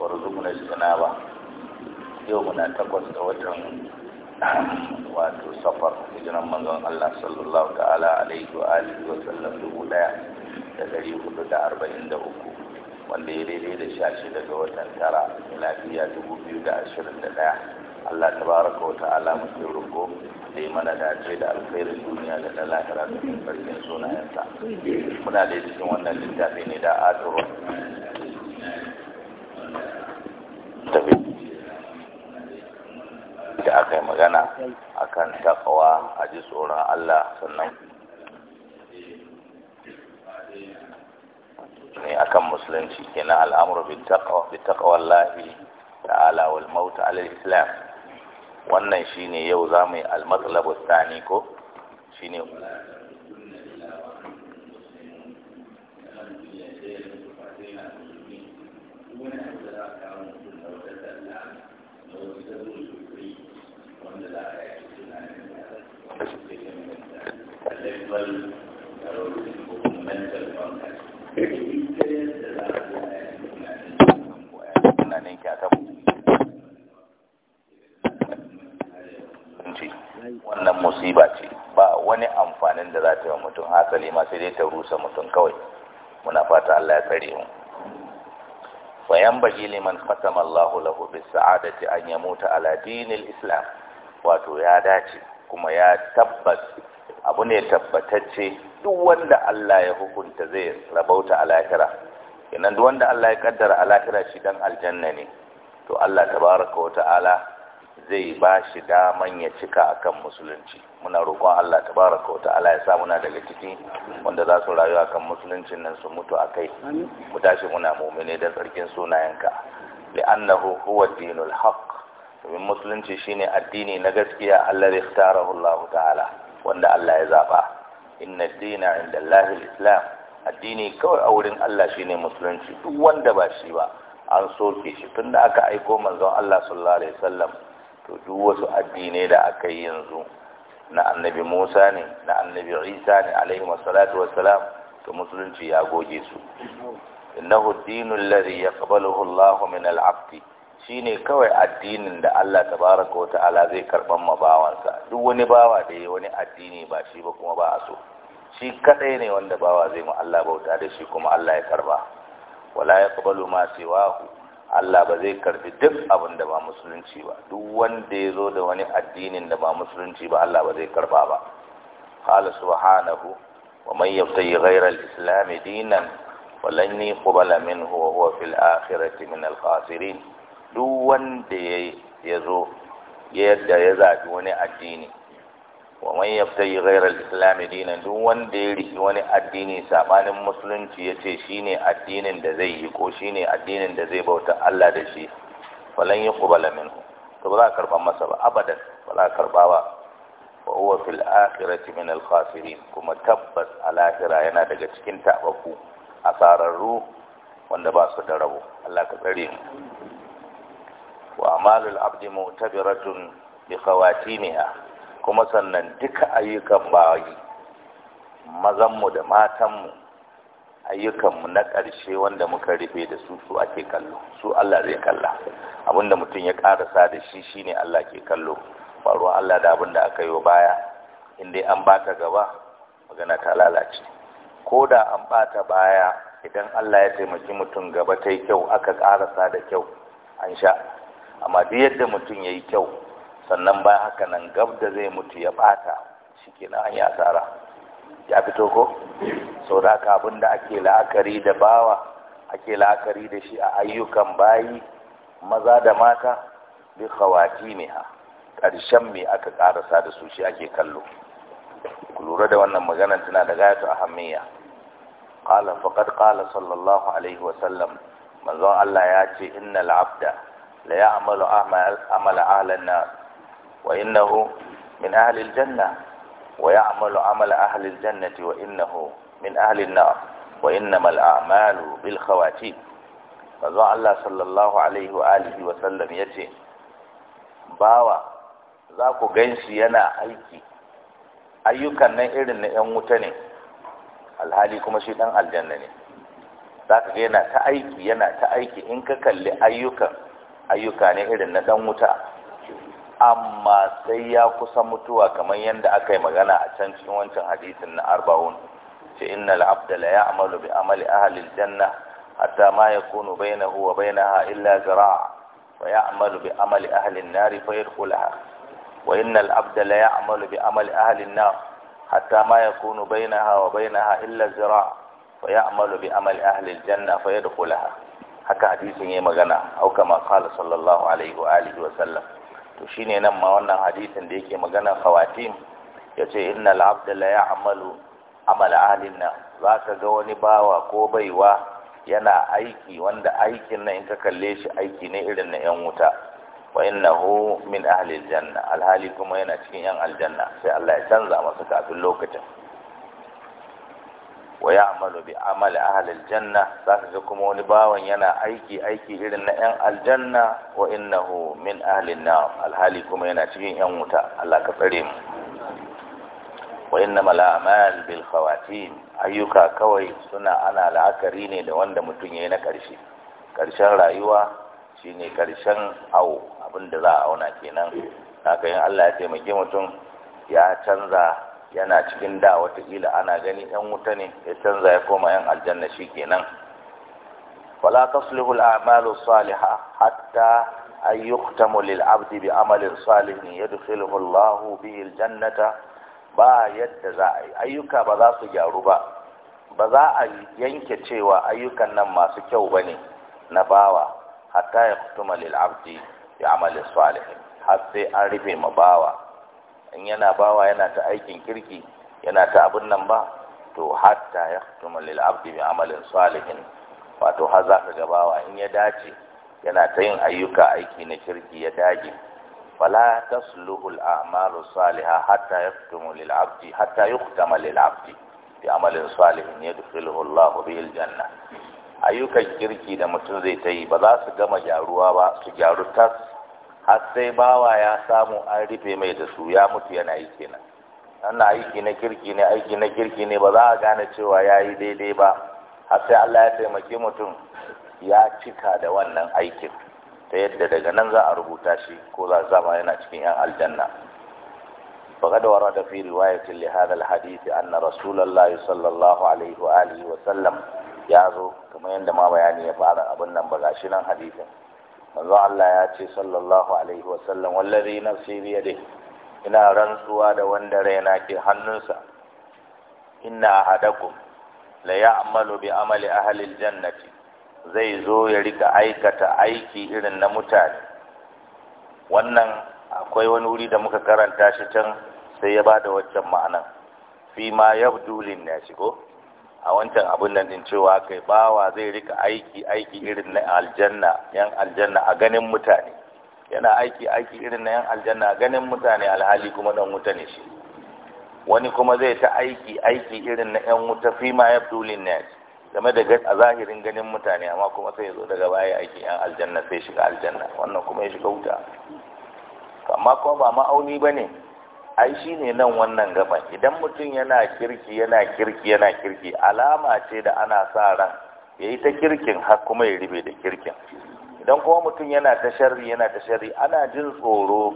warzuqna ba. yau muna takwas da watan wato safar hijiran manzon Allah sallallahu ta'ala alaihi wa alihi wa sallam dubu daya da dari hudu da arba'in da uku wanda ya daidai da sha shi daga watan tara lafiya dubu biyu da ashirin da daya Allah tabaraka wa ta'ala muke roƙo da mana dace da alkhairin duniya da na lahira da farkin sunayensa muna da cikin wannan littafi ne da adoro. da aka yi magana kan takawa a ji tsoron Allah sannan ne akan musulunci kenan al'amuru bi taqwa Allahi da wal maut islam wannan shi ne yau za mu yi al-matlabu ko ne. spiritual fundamental wannan musiba ce ba wani amfanin da za ta yi mutum hasali ma sai dai ta rusa mutum kawai muna fata Allah ya tsare mu Bayan bagi liman khatama Allahu lahu bis sa'adati an yamuta ala dinil islam wato ya dace kuma ya tabbas abu ne tabbatacce duk wanda Allah ya hukunta zai rabauta a lahira kenan duk wanda Allah ya kaddara a lahira shi dan aljanna ne to Allah tabaraka wata'ala zai ba shi daman ya cika akan musulunci muna roƙon Allah tabaraka wata'ala ya sa muna daga ciki wanda za su rayu akan musuluncin nan su mutu akai mu tashi muna mu'mine da tsarkin sunayenka li'annahu huwa dinul haqq domin musulunci shine addini na gaskiya Allah ya ikhtarahu Allah ta'ala wanda Allah ya zaba inna dina inda Allahi islam addini kawai a wurin Allah shine musulunci duk wanda ba shi ba an soke shi tunda aka aiko manzon Allah sallallahu alaihi wasallam to duk wasu addinai da aka yi yanzu na annabi Musa ne na annabi Isa ne alaihi wassalatu wassalam to musulunci ya goge su innahu dinul ladhi yaqbaluhu Allahu min al-'abdi shine kawai addinin da Allah tabaraka wa ta'ala zai karban ma bawansa duk wani bawa da ya wani addini ba shi ba kuma ba a so shi kaɗai ne wanda bawa zai mu Allah bauta da shi kuma Allah ya karba wala yaqbalu ma siwahu Allah ba zai karbi duk abin da ba musulunci ba duk wanda ya zo da wani addinin da ba musulunci ba Allah ba zai karba ba qala subhanahu wa man yabtaji ghayra al-islam dinan falan yuqbala minhu wa huwa fil akhirati min al-khasirin duk wanda ya zo yadda ya zaɓi wani addini wa man yabtayi ghayra islam dinan duk wanda ya riki wani addini sabanin musulunci yace shine addinin da zai yi ko shine addinin da zai bauta Allah da shi falan yuqbala minhu to ba za ka karba masa ba abadan ba za ka karba ba wa huwa fil akhirati min al-khasirin kuma tabbas al-akhira yana daga cikin tabaku asararru wanda ba su da rabo Allah ka tsare mu wa amalul abdi mu'tabiratun bi khawatimiha kuma sannan duka ayyukan bayi mazanmu da matanmu ayyukanmu na ƙarshe wanda muka rufe da su su ake kallo su Allah zai kalla abinda mutum ya karasa da shi shine Allah ke kallo faruwa Allah da abinda aka yi baya inda an bata gaba magana ta lalace ko da an bata baya idan Allah ya taimaki mutum gaba ta kyau aka karasa da kyau an sha amma duk yadda mutum ya yi kyau sannan baya haka nan gab da zai mutu ya bata shi ke nan ya tsara ya fito ko sau da haka abinda ake la'akari da bawa ake la'akari da shi a ayyukan bayi maza da mata bi khawati ne ha ƙarshen me aka ƙarasa da su shi ake kallo ku lura da wannan maganar tana da gayatu hamiya ƙala faqad ƙala sallallahu alaihi wa manzon Allah ya ce inna la'abda. la ya'malu amala ahlan nar wa innahu min ahli aljanna wa ya'malu amala ahli aljannati wa innahu min ahli wa innamal a'malu bil khawatim manzo Allah sallallahu alaihi wa alihi wa sallam yace bawa za ku ganshi yana aiki ayyukan nan irin na 'yan wuta ne alhali kuma shi ɗan aljanna ne za ka yana ta aiki yana ta aiki in ka kalli ayyukan ayyuka ne irin na dan wuta amma sai ya kusa mutuwa kamar yadda aka yi magana a can cikin wancan hadisin na arba'un ce innal abda la ya'malu bi amali ahli janna hatta ma yakunu bainahu wa bainaha illa zira'a wa ya'malu bi amali nar fa yadkhulaha wa innal abda la ya'malu bi amali ahli nar hatta ma yakunu bainaha wa bainaha illa wa ya'malu bi amali fa yadkhulaha haka hadisin ya magana auka ma qala sallallahu alaihi wa alihi wa sallam to shine nan ma wannan hadisin da yake magana khawatim yace innal abda la ya'malu amal ahlina zaka ga wani bawa ko baiwa yana aiki wanda aikin nan in ka kalle shi aiki ne irin na yan wuta wa innahu min ahli aljanna alhali kuma yana cikin yan aljanna sai Allah ya canza masa kafin lokacin wa amalu bi amali ahli aljanna zaka ga kuma wani bawan yana aiki aiki irin na yan aljanna wa innahu min ahli an alhali kuma yana cikin yan wuta Allah ka tsare mu wa mala a'mal bil khawatin ayyuka kawai suna ana la'akari ne da wanda mutum yayi na karshe karshen rayuwa shine karshen awo abinda za a auna kenan haka in Allah ya taimake mutum ya canza yana cikin da watakila ana gani yan wuta ne ya canza ya koma yan aljanna shi kenan wala taslihu amalu salihah hatta an yuktamu lil abdi bi amalin salihin yadkhiluhu Allahu bihi aljannata ba yadda za a yi ayyuka ba za su gyaru ba ba za a yanke cewa ayyukan nan masu kyau ba ne na bawa hatta yaktuma lil abdi bi amalin salihin har sai an rufe ma bawa in yana bawa yana ta aikin kirki yana ta abin nan ba to hatta ya kuma lil abdi bi amalin salihin wato har za ka gabawa in ya dace yana ta yin ayyuka aiki na kirki ya dage wala tasluhu al a'malu salihah hatta yaktumu lil abdi hatta yuktama lil abdi bi amalin salihin yadkhiluhu Allah bi al janna ayyukan kirki da mutum zai ta yi ba za su gama gyaruwa ba su gyaru tas har sai bawa ya samu an rufe mai da su ya mutu yana yi kenan wannan aiki na kirki ne aiki na kirki ne ba za a gane cewa ya yi daidai ba har sai Allah ya taimaki mutum ya cika da wannan aikin ta yadda daga nan za a rubuta shi ko za zama yana cikin yan aljanna فقد ورد في رواية لهذا الحديث أن رسول الله صلى الله عليه وآله وسلم يعزو كما يندما بياني يفعل أبنا بغاشنا حديثا manzo Allah ya ce sallallahu alaihi wasallam wallazi nafsi bi ina rantsuwa da wanda raina ke hannunsa inna ahadakum la ya'malu bi amali ahli aljannati zai zo ya rika aikata aiki irin na mutane wannan akwai wani wuri da muka karanta shi can sai ya bada waccan ma'anan fi ma yabdu lin nasi ko a wancan abin nan din cewa kai bawa zai rika aiki aiki irin na aljanna yan aljanna a ganin mutane yana aiki aiki irin na yan aljanna a ganin mutane alhali kuma dan wuta ne shi wani kuma zai ta aiki aiki irin na yan wuta fi ma dulin nas game da a zahirin ganin mutane amma kuma sai ya zo daga baya aiki yan aljanna sai shiga aljanna wannan kuma ya shiga wuta amma kuma ba ma'auni bane ai shi ne nan wannan gaban idan mutum yana kirki yana kirki yana kirki alama ce da ana sa ran ya yi ta kirkin har kuma ya ribe da kirkin idan kuma mutum yana ta sharri yana ta sharri ana jin tsoro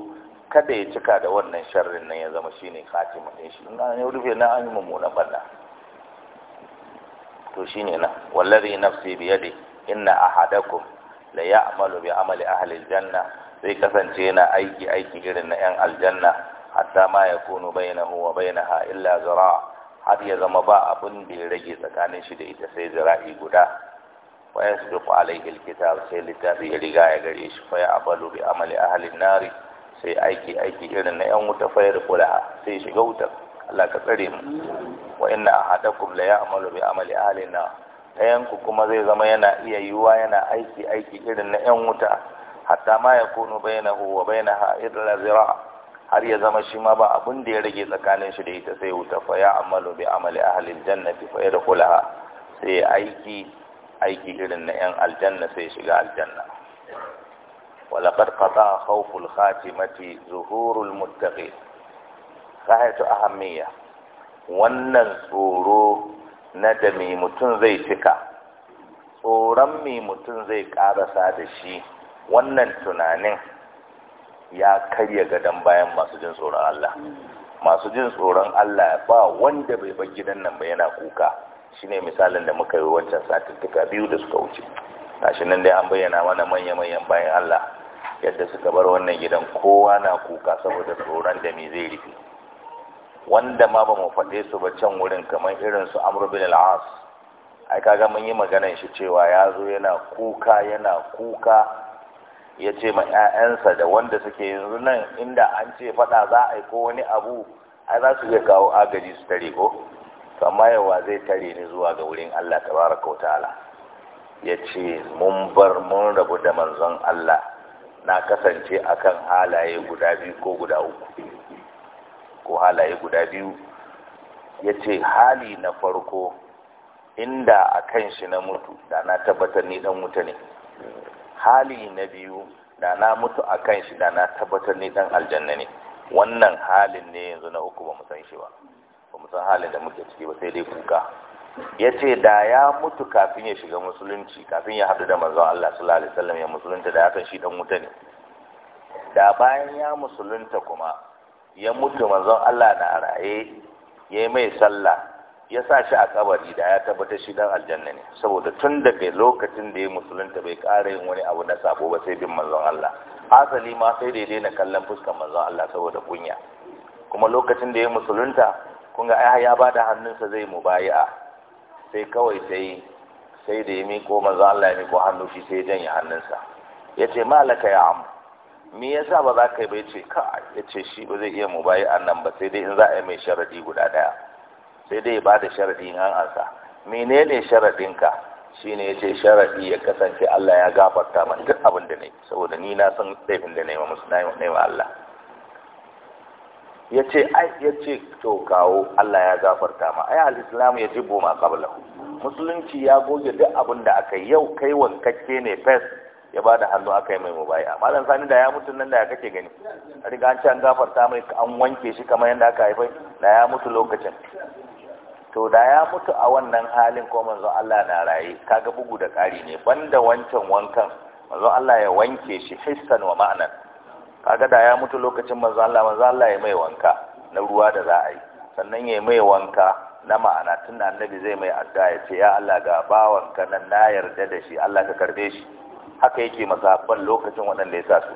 kada ya cika da wannan sharrin nan ya zama shi ne katimin ɗin shi in an rufe na an yi mummunan banna to shi ne nan wallazi nafsi a inna ahadakum la ya'malu bi amali ahli aljanna zai kasance yana aiki aiki irin na yan aljanna hatta ma ya kunu bai na bainahu wa bainaha illa zira har ya zama ba abin da ya rage tsakanin shi da ita sai zira'i guda wa yasbiqu alayhi alkitab sai littafi ya riga ya gare shi fa ya'malu bi amali halin nari sai aiki aiki irin na yan wuta fa yarqula sai shiga wutar Allah ka tsare mu wa inna ahadakum la ya'malu bi amali ahli nar ɗayanku kuma zai zama yana iya yiwuwa yana aiki aiki irin na 'yan wuta hatta ma ya kunu bai na bainahu wa bainaha illa zira har ya zama shi ma ba abin da ya rage tsakanin shi da ita sai wuta fa ya amalu bi amali ahlil jannati fa yadkhulaha sai aiki aiki irin na yan aljanna sai shiga aljanna ولقد قطع خوف الخاتمة ظهور المتقين غاية أهمية wannan tsoro na da mai mutum zai cika tsoron mai mutum zai karasa da shi wannan tunanin ya karya gadon bayan masu jin tsoron Allah masu jin tsoron Allah ba wanda bai bar gidan nan ba yana kuka shine misalin da muka yi wancan satin tuka biyu da suka wuce gashi nan dai an bayyana mana manya-manyan bayan Allah yadda suka bar wannan gidan kowa na kuka saboda tsoron da me zai rufe wanda ma ba mu faɗe su ba can wurin kamar irin su Amr bin al-As ai kaga mun yi maganar shi cewa ya zo yana kuka yana kuka ya ce ma 'ya'yansa da wanda suke yanzu nan inda an ce faɗa za a yi ko wani abu A za su iya kawo agaji su tare ko kama yawa zai tare ni zuwa ga wurin Allah tabaraka wa ta'ala ya ce mun bar mun rabu da manzon Allah na kasance akan halaye guda biyu ko guda uku ko halaye guda biyu ya ce hali na farko inda a kan shi na mutu da na tabbatar ni dan mutane hali na biyu da na mutu a kan shi da na tabbatar ni dan aljanna ne wannan halin ne yanzu na uku ba mu san shi ba ba mu san halin da muke ciki ba sai dai kuka ya ce da ya mutu kafin ya shiga musulunci kafin ya haɗu da manzon Allah sallallahu alaihi wasallam ya musulunta da hakan shi dan wuta ne da bayan ya musulunta kuma ya mutu manzon Allah na raye ya yi mai sallah ya sa shi a kabari da ya tabbata shi dan aljanna ne saboda tun daga lokacin da ya musulunta bai ƙara yin wani abu na sabo ba sai bin manzon Allah asali ma sai da ya daina kallon fuskar manzon Allah saboda kunya kuma lokacin da ya musulunta kun ga ya bada hannunsa zai mubayi'a sai kawai sai sai da ya miko manzon Allah ya miko hannu shi sai janye hannunsa yace malaka ya am me yasa ba za ka yi ba yace ka yace shi ba zai iya mubayi'an nan ba sai dai in za a yi mai sharadi guda daya sai dai ba da sharadi an ansa menene sharadinka shine yace sharadi ya kasance Allah ya gafarta man duk abin da ne saboda ni na san laifin da nayi wa musulmai wa Allah yace ai yace to kawo Allah ya gafarta ma ai al-islamu yajibu ma qablahu musulunci ya goge duk abin da aka yau kai wankakke ne fes ya ba da hannu aka yi mai mubaya malam sani da ya mutu nan da ya kake gani a riga an ci an gafarta mai an wanke shi kamar yadda aka haifai da ya mutu lokacin to da ya mutu a wannan halin ko manzon Allah na raye kaga bugu da ƙari ne banda wancan wankan manzon Allah ya wanke shi hissan wa ma'anan kaga da ya mutu lokacin manzon Allah manzon Allah ya mai wanka na ruwa da za a yi sannan ya mai wanka na ma'ana tun da annabi zai mai adda ya ce ya Allah ga bawanka nan na yarda da shi Allah ka karbe shi haka yake masahabban lokacin waɗanda ya sa su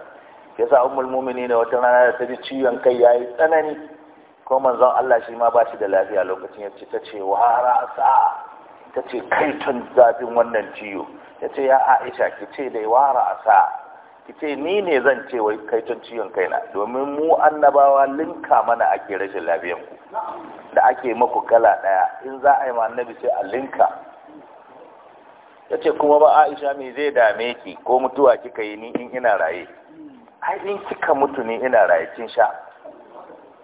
yasa ummul mu'minin wata rana da ta ji ciwon kai yayi tsanani ko manzon Allah shi ma ba shi da lafiya lokacin ya ce ta ce wara sa ta ce kai tun zafin wannan ciwo ya ce ya aisha ki ce dai wara sa ki ce ni ne zan ce wai kai tun ciwon kaina domin mu annabawa linka mana ake rashin lafiyan ku da ake maku kala daya in za a yi ma annabi sai a linka ya ce kuma ba aisha me zai dame ki ko mutuwa kika yi ni in ina raye ai in kika mutu ni ina raye kin sha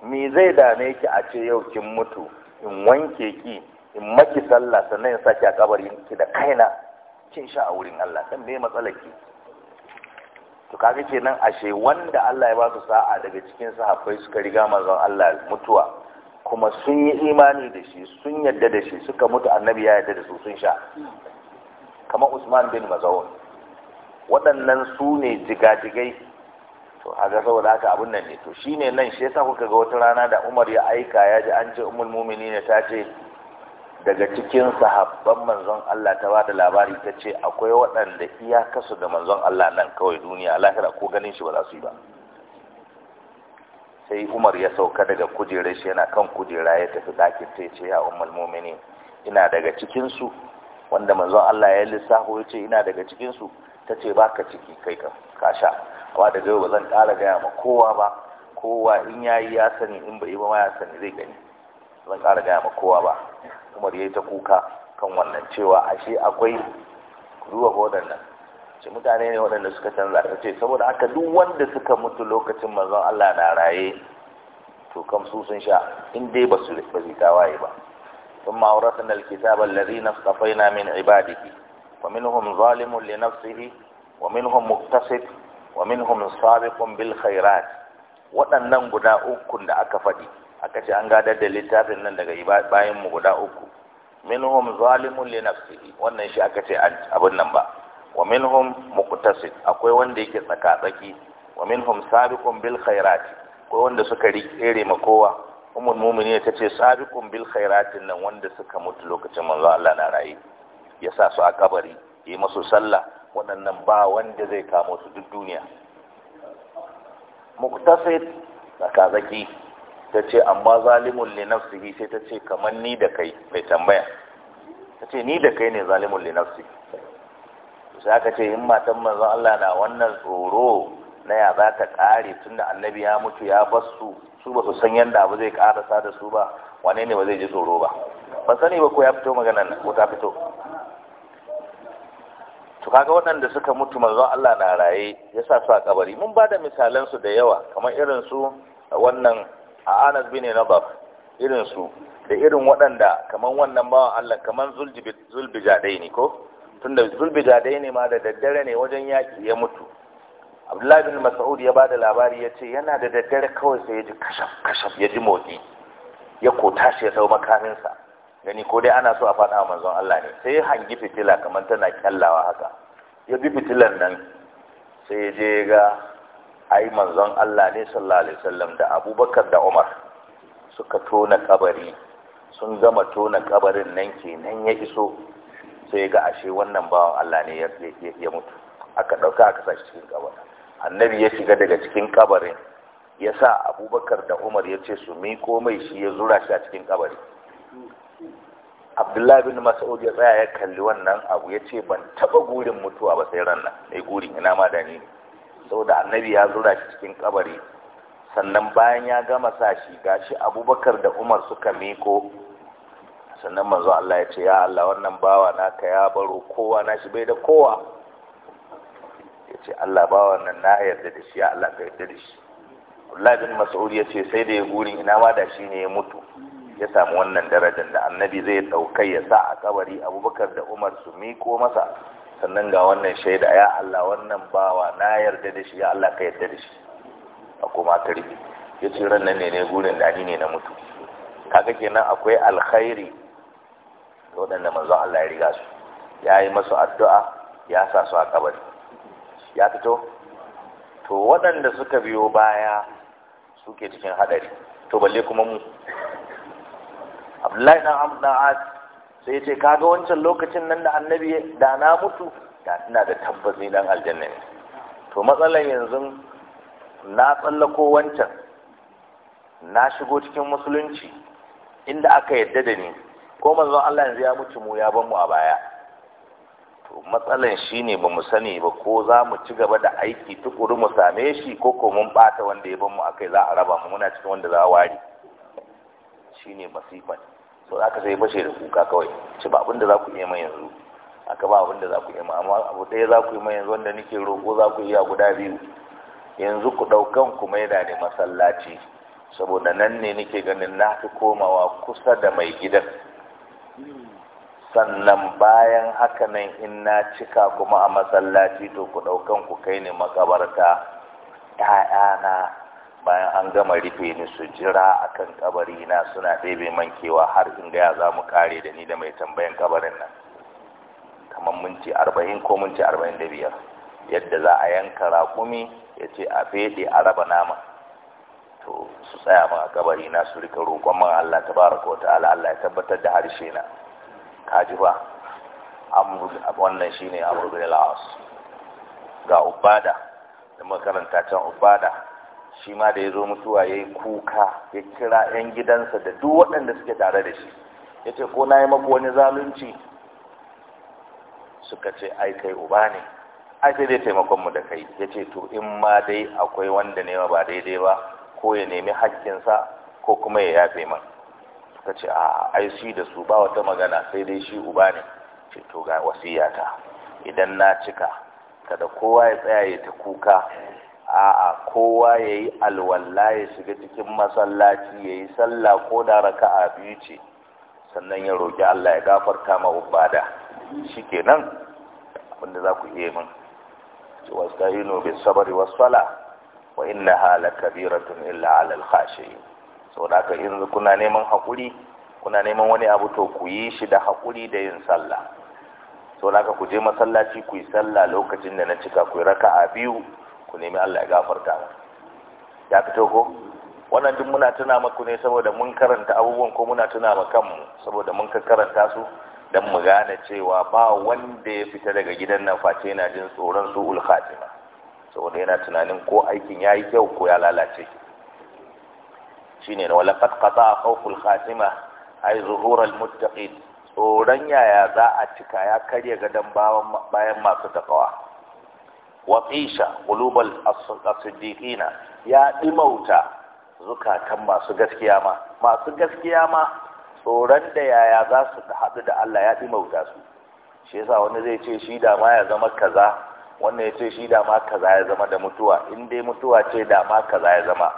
me zai dame ki a ce yau kin mutu in wanke ki in maki sallah sannan in saki a kabari ki da kaina kin sha a wurin Allah dan me matsalar ki to kaga kenan ashe wanda Allah ya ba su sa'a daga cikin sahabbai suka riga manzon Allah mutuwa kuma sun yi imani da shi sun yadda da shi suka mutu annabi ya yadda da su sun sha kamar Usman bin Maz'un waɗannan su ne jigajigai to haga saboda haka abun nan ne to shine nan shi yasa kuka ga wata rana da Umar ya aika ya ji an ce ummul mu'minin ta ce daga cikin sahabban manzon Allah ta bada labari ta ce akwai waɗanda iyakarsu da manzon Allah nan kawai duniya lahira ko ganin shi ba za su yi ba sai Umar ya sauka daga kujerar shi yana kan kujera ya tafi ɗakin ta ce ya ummul mu'minin ina daga cikin su wanda manzon Allah ya lissafo ya ce ina daga cikin su ta ce ba ka ciki kai ka sha amma da yau ba zan ƙara gaya ma kowa ba kowa in ya yi ya sani in ba yi ba ma ya sani zai gani zan ƙara gaya ma kowa ba umar ya yi ta kuka kan wannan cewa ashe akwai ruwa ga waɗannan ce mutane ne waɗanda suka canza ta ce saboda haka duk wanda suka mutu lokacin manzon Allah na raye to kam su sun sha in dai ba su ba ta waye ba ثم na الكتاب na min من عباده ومنهم ظالم لنفسه ومنهم مقتصد ومنهم سابق بالخيرات waɗannan guda uku da aka faɗi aka ce an gadar da littafin nan daga bayan mu guda uku minhum zalimun li nafsihi wannan shi aka ce abin nan ba wa minhum muqtasid akwai wanda yake tsaka tsaki wa minhum sabiqun bil khairat akwai wanda suka rikere ma kowa ummul mu'minin ce sabiqun bil khairat nan wanda suka mutu lokacin manzo Allah na rayu ya sa su a kabari yi masu sallah waɗannan ba wanda zai kamo su duk duniya muktasid da kazaki ta ce amma zalimun li nafsihi sai ta ce kamar ni da kai mai tambaya ta ce ni da kai ne zalimun li nafsi sai aka ce in matan manzon Allah na wannan tsoro na ya za ta ƙare tunda annabi ya mutu ya bar su su ba su san yanda abu zai ƙarasa da su ba wane ne ba zai ji tsoro ba ban sani ba ko ya fito maganan ko ta fito to kaga waɗanda suka mutu manzon Allah na raye ya sa su a kabari mun bada misalan su da yawa kamar irin su wannan Anas bin Nabaf irin su da irin waɗanda kamar wannan bawan Allah kamar zulbijadai ne ko tunda zulbijadai ne ma da daddare ne wajen yaki ya mutu Abdullahi bin Mas'ud ya bada labari ya ce yana da daddare kawai sai ya ji kashaf kashaf ya ji motsi ya ko tashi ya sau makaminsa gani ko dai ana so a faɗa manzon Allah ne sai hangi fitila kamar tana kyallawa haka ya bi fitilan nan sai ya je ga ai manzon Allah ne sallallahu alaihi wasallam da Abubakar da Umar suka tona kabari sun gama tona kabarin nan kenan ya iso sai ga ashe wannan bawan Allah ne ya mutu aka dauka aka sashi cikin kabari annabi ya shiga daga cikin kabarin ya sa Abubakar da Umar ya ce su miko mai shi ya zura shi a cikin kabari abdullahi bin mas'ud ya tsaya ya kalli wannan abu ya ce ban taba gurin mutuwa ba sai ran nan mai gurin ina ma da ni saboda annabi ya zura shi cikin kabari sannan bayan ya gama sa shi gashi abubakar da umar suka miko sannan manzo Allah ya ce ya Allah wannan bawa naka ya baro kowa na shi bai da kowa ya ce Allah bawa wannan na yarda da shi ya Allah ka yarda da shi Abdullahi bin Mas'ud ya ce sai da ya gurin ina ma da shi ne ya mutu ya samu wannan darajar da annabi zai ɗaukai ya sa a kabari abubakar da umar su miko masa sannan ga wannan shaida ya Allah wannan bawa na yarda da shi ya Allah ka yarda da shi a kuma ya ce ran nan ne ne gurin da ne na mutu kaga kenan akwai alkhairi ga waɗanda manzon Allah ya riga su ya yi masu addu'a ya sa su a kabari ya fito to waɗanda suka biyo baya suke cikin hadari to balle kuma mu abdullahi dan amr dan as sai ce kaga wancan lokacin nan da annabi da na mutu da ina da tabbas ni dan aljanna ne to matsalar yanzu na tsallako wancan na shigo cikin musulunci inda aka yadda da ni ko manzon Allah yanzu ya mutu mu ya ban mu a baya to matsalan shine ba mu sani ba ko za mu ci gaba da aiki tukuru mu same shi ko ko mun bata wanda ya ban mu kai za a raba mu muna cikin wanda za a ware shine masifan so aka sai bashe da kuka kawai ci ba abin da za ku iya mai yanzu aka ba abin da za ku iya mai amma abu ɗaya za ku yi mai yanzu wanda nake roƙo za ku iya guda biyu yanzu ku ɗaukan ku maida ne masallaci saboda nan ne nake ganin na fi komawa kusa da mai gidan sannan bayan haka nan in na cika kuma a masallaci to ku ɗaukan ku kai ne makabarta ‘ya'yana bayan an gama rufe ni su jira akan kabari na suna ɗebe mankewa har in gaya za mu kare da ni da mai tambayan kabarin nan kamar minti arba'in ko minti arba'in da biyar yadda za a yanka rakumi ya ce a fede a raba nama to su tsaya ma a kabari na su rika roƙon man Allah ta baraka wa Allah ya tabbatar da harshe na kaji ba wannan shine ne bin ga ubada da makaranta can ubada shi ma da ya zo mutuwa ya yi kuka ya kira 'yan gidansa da duk waɗanda suke tare da shi ya ce ko na yi maku wani zalunci suka ce ai kai uba ne ai sai dai taimakonmu da kai ya ce to in ma dai akwai wanda nema ba daidai ba ko ya nemi haƙƙinsa ko kuma ya yafe man suka ce a ai shi da su ba wata magana sai dai shi uba ne ce to ga wasiyata idan na cika kada kowa ya tsaya ya ta kuka a'a kowa ya yi alwalla ya shiga cikin masallaci ya yi sallah ko da raka'a biyu ce sannan ya roƙi Allah ya gafarta ma ubada Shi ke nan abinda za ku iya min yi nobe sabari wasu fala. wa kabira tun illa 'alal sau da aka yanzu kuna neman hakuri kuna neman wani abu to ku yi shi da haƙuri da yin sallah da aka ku je masallaci ku yi sallah lokacin da na cika ku yi raka'a biyu ku nemi Allah ya gafarta mu ya fito ko wannan duk muna tuna maku ne saboda mun karanta abubuwan ko muna tuna ma kanmu saboda mun karanta su dan mu gane cewa ba wanda ya fita daga gidan nan face yana jin tsoron su khatima saboda yana tunanin ko aikin yayi kyau ko ya lalace shine wala qad qata khawful khatima ay al muttaqin tsoron yaya za a cika ya karya gadon bayan masu takawa waƙisha ƙulubal asiddiƙina ya ɗimauta zukatan masu gaskiya ma masu gaskiya ma tsoron da yaya za su haɗu da Allah ya ɗimauta su shi yasa wani zai ce shi da ma ya zama kaza wannan ya ce shi da ma kaza ya zama da mutuwa in dai mutuwa ce da ma kaza ya zama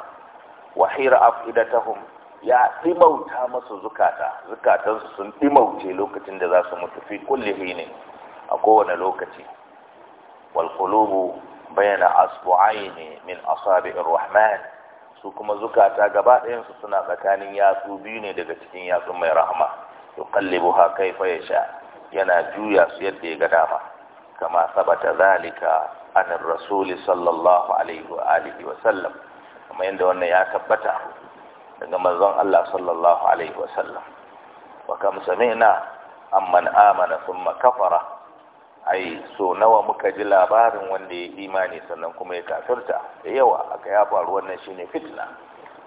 wahira afidatahum ya ɗimauta masu zukata zukatansu sun ɗimauce lokacin da za su mutu fi kulle ne a kowane lokaci والقلوب بين أصبعين من أصابع الرحمن su kuma zukata gaba ɗayansu suna tsakanin yatsu biyu ne daga cikin yatsu mai rahama yuqallibu ha kaifa yasha yana juya su yadda ya ga dama kama sabata zalika an rasuli sallallahu alaihi wa alihi wa sallam kuma yanda wannan ya tabbata daga manzon Allah sallallahu alaihi wa sallam wa kam sami'na amman amana thumma kafara ai so nawa muka ji labarin wanda ya imani sannan kuma ya kafirta da yawa aka ya faru wannan shine fitina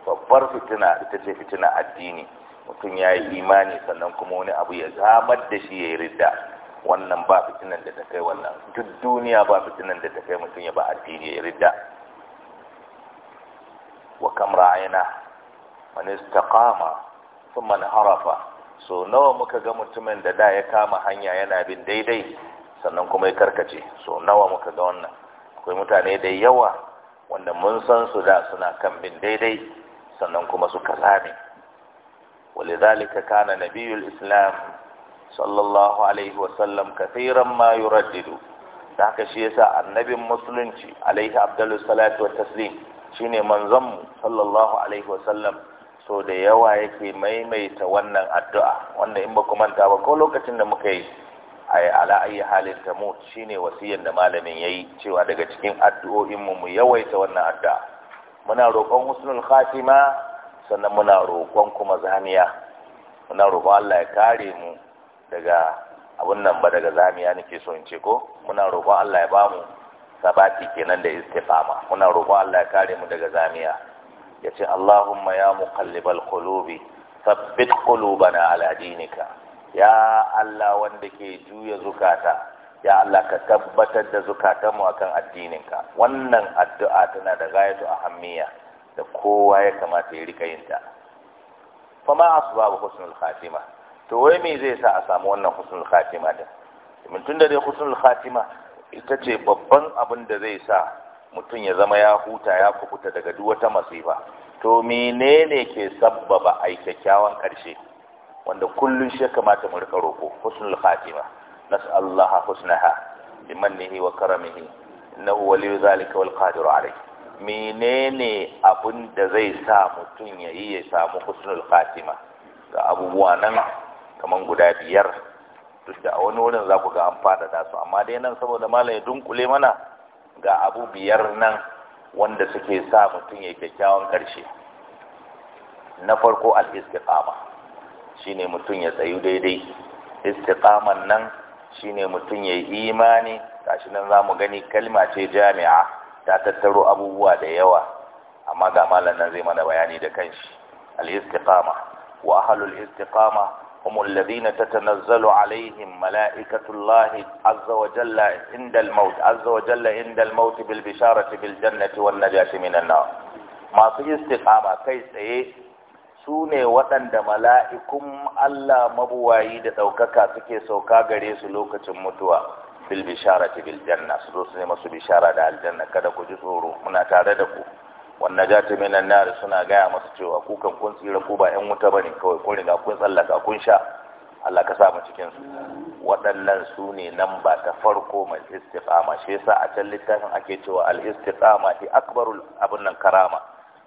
babbar fitina ita ce fitina addini mutum ya yi imani sannan kuma wani abu ya zamar da shi ya yi ridda wannan ba fitinan da ta kai wannan duk duniya ba fitinan da ta kai mutum ya ba addini ya yi ridda wa kam ra'ayina man istaqama thumma harafa so nawa muka ga mutumin da da ya kama hanya yana bin daidai sannan kuma ya karkace so nawa muka ga wannan akwai mutane da yawa wanda mun san su da suna kan bin daidai sannan kuma suka zame ولذلك كان نبي الإسلام صلى الله عليه وسلم كثيرا ما Da haka shi yasa annabin musulunci alaihi abdul salatu wa taslim shine manzon mu sallallahu alaihi wasallam so da yawa yake maimaita wannan addu'a Wannan in ba ku manta ba ko lokacin da muka yi ala ayi halin ta shi shine wasiyan da malamin yi cewa daga cikin addu'o'in mu yawaita wannan addu'a muna roƙon husnul khatima sannan muna roƙon kuma zamiya muna roƙon Allah ya kare mu daga abun nan ba daga zamiya nake so in ce ko muna roƙon Allah ya ba mu sabati kenan da istifama muna roƙon Allah ya kare mu daga zamiya yace Allahumma ya muqallibal qulubi thabbit qulubana ala dinika ya Allah wanda ke juya zukata ya Allah ka tabbatar da zukatanmu akan addininka wannan addu'a tana da gayatu ahammiya da kowa ya kamata ya rika yin ta ma asbabu husnul khatima to wai me zai sa a samu wannan husnul khatima din mun tunda dai husnul khatima ita ce babban abin da zai sa mutum ya zama ya huta ya kukuta daga duk wata masifa to menene ke sabbaba ai kyakkyawan karshe wanda kullun shi ya kamata mu rika roko husnul khatima nas'allaha husnaha limannihi wa karamihi innahu waliyyu zalika wal qadir alayh menene abun da zai sa mutun yayi ya samu husnul khatima ga abubuwa nan kaman guda biyar duk da a wani wurin za ku ga an da su amma dai nan saboda malam ya dunkule mana ga abu biyar nan wanda suke sa mutum ya kyakkyawan ƙarshe na farko al-istiqama shi ne mutum ya tsayu daidai istiqaman nan shi ne mutum ya yi imani Tashi nan za mu gani kalima ce jami'a ta tattaro abubuwa da yawa amma ga malar nan zai mana bayani da kanshi al'istiqama wa halul istiqama kuma lalina ta tanazzalo alaihin mala'ikatullahi azzawajalla indal azzawajalla indal mauti bil bisharati bil jannati wannan jashi minan na masu istiqama kai tsaye su ne waɗanda mala'ikun Allah mabuwayi da ɗaukaka suke sauka gare su lokacin mutuwa bil bishara ta bil janna su zo su ne masu bishara da aljanna kada ku ji tsoro muna tare da ku wannan ja ta minan nari suna gaya masu cewa kukan kun tsira ku ba ‘yan wuta ba ne kawai kun riga kun tsallaka kun sha Allah ka samu cikinsu waɗannan su ne nan ba ta farko mai istiqama shi yasa a can littafin ake cewa al istiqama akbarul abin nan karama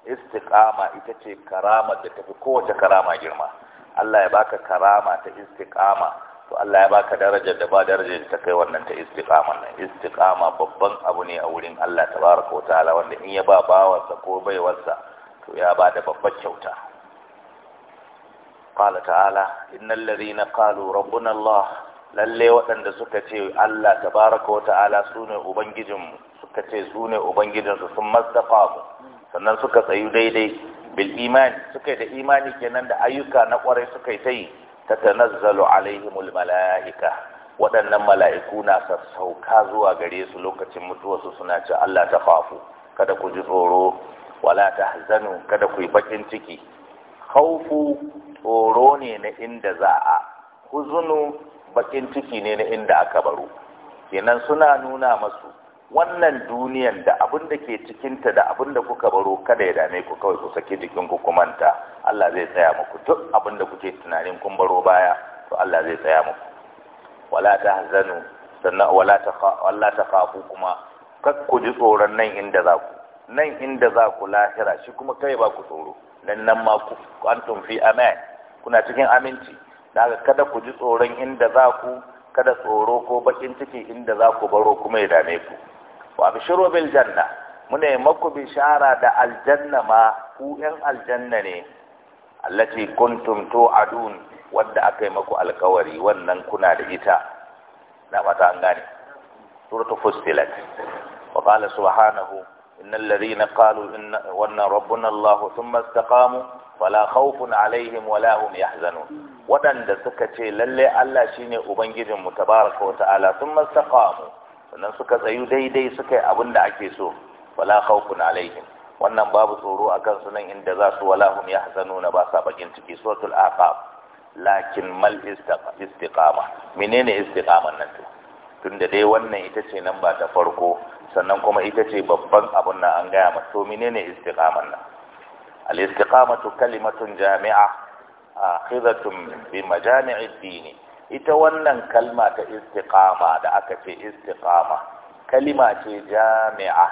istiqama ita ce karama da tafi kowace karama girma Allah ya baka karama ta istiqama to Allah ya baka darajar da ba darajar ta kai wannan ta istiqama nan istiqama babban abu ne a wurin Allah tabaraka wataala wanda in ya ba bawarsa ko baiwarsa to ya ba da babbar kyauta qala inna innal ladhina qalu rabbuna Allah lalle waɗanda suka ce Allah tabaraka wataala sune ubangijinmu suka ce sune ubangijinsu sun mastaqamu sannan suka tsayu daidai bil imani suka da imani kenan da ayyuka na kwarai suka yi ta yi ta tanazzalu alaihimul mala'ika waɗannan mala'iku na sassauka zuwa gare su lokacin su suna ce Allah ta fafu kada ku ji tsoro wala ta hazanu kada ku yi bakin ciki khaufu tsoro ne na inda za a huzunu bakin ciki ne na inda aka baro kenan suna nuna masu wannan duniyan da abin da ke cikinta da abin da kuka baro kada ya dame ku kawai ku saki jikin ku kumanta Allah zai tsaya muku duk abin da kuke tunanin kun baro baya to Allah zai tsaya muku wala tahzanu sannan wala takha wala takhafu kuma kak ku ji tsoron nan inda za ku nan inda za ku lahira shi kuma kai ba ku tsoro nan nan ma ku antum fi aman kuna cikin aminci daga kada ku ji tsoron inda za ku kada tsoro ko bakin ciki inda za ku baro kuma ya dame ku wa bishiru bil janna muna yi maku bishara da aljanna ma ku yan aljanna ne allati kuntum tu'adun wadda aka yi maku alkawari wannan kuna da ita na mata an gane suratul fussilat wa qala subhanahu innal ladhina qalu inna wanna rabbuna allah thumma istaqamu wala khawfun alaihim wala hum yahzanun wadanda suka ce lalle Allah shine ubangijin mu tabaraka wa ta'ala thumma istaqamu sannan suka tsayu daidai suka yi abin da ake so wala khawfun alaihim wannan babu tsoro a kansu nan inda za su wala hum na ba sa bakin ciki suratul aqab lakin mal istiqama menene istiqaman nan to tunda dai wannan ita ce nan ba ta farko sannan kuma ita ce babban abun nan an gaya mata to menene istiqaman nan al istiqamatu kalimatun jami'a akhidatun bi majami'id dini ita wannan kalma ta istiqama da aka ce istiqama kalima ce jami'a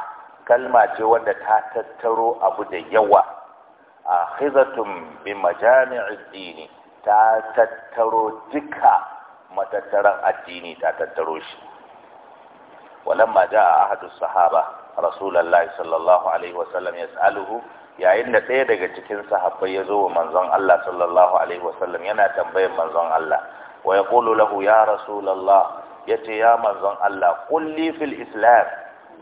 kalma ce wanda ta tattaro abu da yawa akhizatun bi majami'id dini ta tattaro duka matattaran addini ta tattaro shi walamma jaa ahadu sahaba rasulullahi sallallahu alaihi wasallam yas'aluhu yayin da ɗaya daga cikin sahabbai ya zo wa manzon Allah sallallahu alaihi wasallam yana tambayar manzon Allah wa ya yaqulu lahu ya ya yace ya manzon Allah kulli fil islam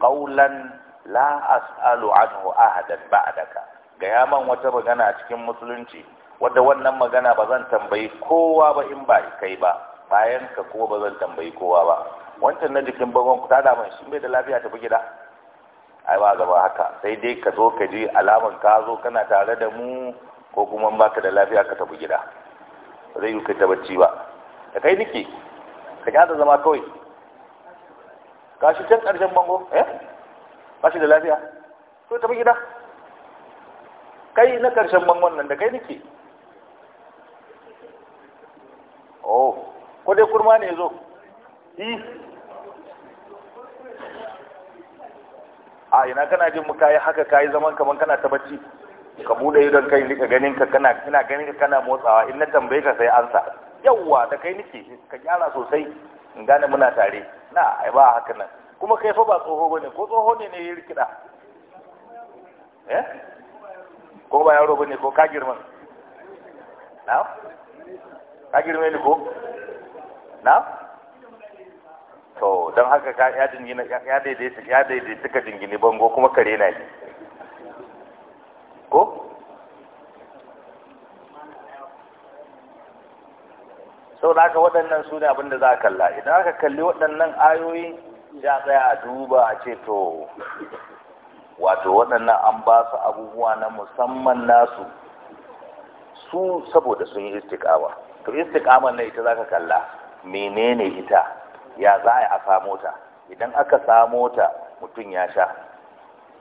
qawlan la as'alu anhu ahadan ba'daka ga yaman wata magana cikin musulunci wadda wannan magana ba zan tambayi kowa ba in ba kai ba bayan ka ko ba zan tambayi kowa ba wancan na jikin bangon ku tada man shi bai da lafiya tafi gida ai ba gaba haka sai dai ka zo ka ji alaman ka zo kana tare da mu ko kuma baka da lafiya ka tafi gida ba zai yi ka ta bacci ba da kai nike ka gada zama kawai ka shi can ƙarshen bango eh ba shi da lafiya to tafi gida kai na ƙarshen bangon nan da kai nike oh ko dai kurma ne zo yi a ina kana jin mu kayi haka yi zaman kaman kana ta bacci ka bude idon kai rika ganin ka kana ganin ka kana motsawa in na tambaye ka sai ansa yawwa da kai nake ka gyara sosai in gane muna tare na ai ba haka nan kuma kai fa ba tsoho bane ko tsoho ne ne ya rikida eh ko ba yaro bane ko ka girma na ka girma ne ko na to dan haka ka ya dingina ya daidai, ya daidai suka dingini bango kuma kare na ji ko sau da aka waɗannan su ne abinda za a kalla idan aka kalli waɗannan ayoyi ya tsaya a duba a ce to wato waɗannan an ba su abubuwa na musamman nasu su saboda sun yi istikawa to istiƙaman na ita za ka kalla menene ita ya za a samo ta idan aka samo ta mutum ya sha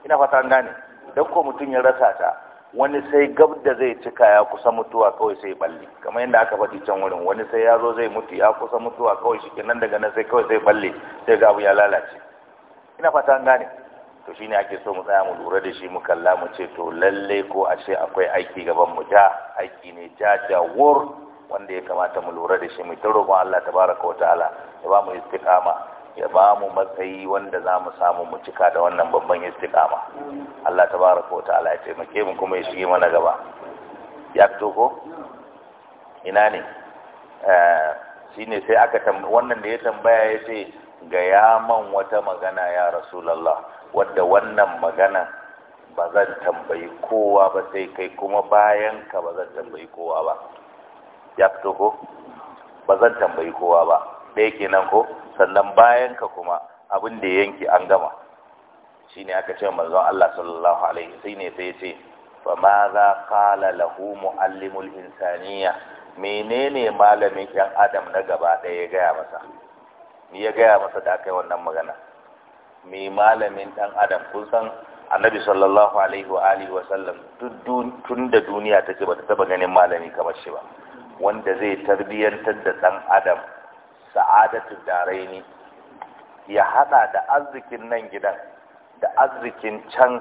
ina fata gane idan ko mutum ya rasa ta wani sai gab da zai cika ya kusa mutuwa kawai sai balle kamar yadda aka faɗi can wurin wani sai ya zo zai mutu ya kusa mutuwa kawai shi kenan daga nan sai kawai sai balle sai ga abu ya lalace ina fata an gane to shine ake so mu tsaya mu lura da shi mu kalla mu ce to lalle ko a ce akwai aiki gaban mu ja aiki ne ja ja wanda ya kamata mu lura da shi mu ta roƙon Allah tabaraka wa ta'ala ya ba mu istiqama ya ba mu matsayi wanda za mu samu mu cika da wannan babban istiqama Allah ta tabaraka wa ta'ala ya taimake mu kuma ya shige mana gaba ya fito ko ina ne eh, Shi ne sai aka wannan da ya tambaya ya ce ga man wata magana ya rasulallah wadda wannan magana ba zan tambayi kowa ba sai kai kuma bayan ka ba zan tambayi kowa ba ya fito ko ba zan tambayi kowa ba ɗaya kenan ko sannan bayan ka kuma abin da yanki an gama shine aka ce manzon Allah sallallahu alaihi sai ne sai ce fa ma za qala lahu muallimul insaniya menene malamin yan adam na gaba ɗaya ya gaya masa ni ya gaya masa da aka yi wannan magana me malamin ɗan adam kun san annabi sallallahu alaihi wa alihi wa sallam tun da duniya take ta taba ganin malami kamar shi ba wanda zai tarbiyantar da ɗan adam sa'adatul daraini ya hada da arzikin nan gidan da arzikin can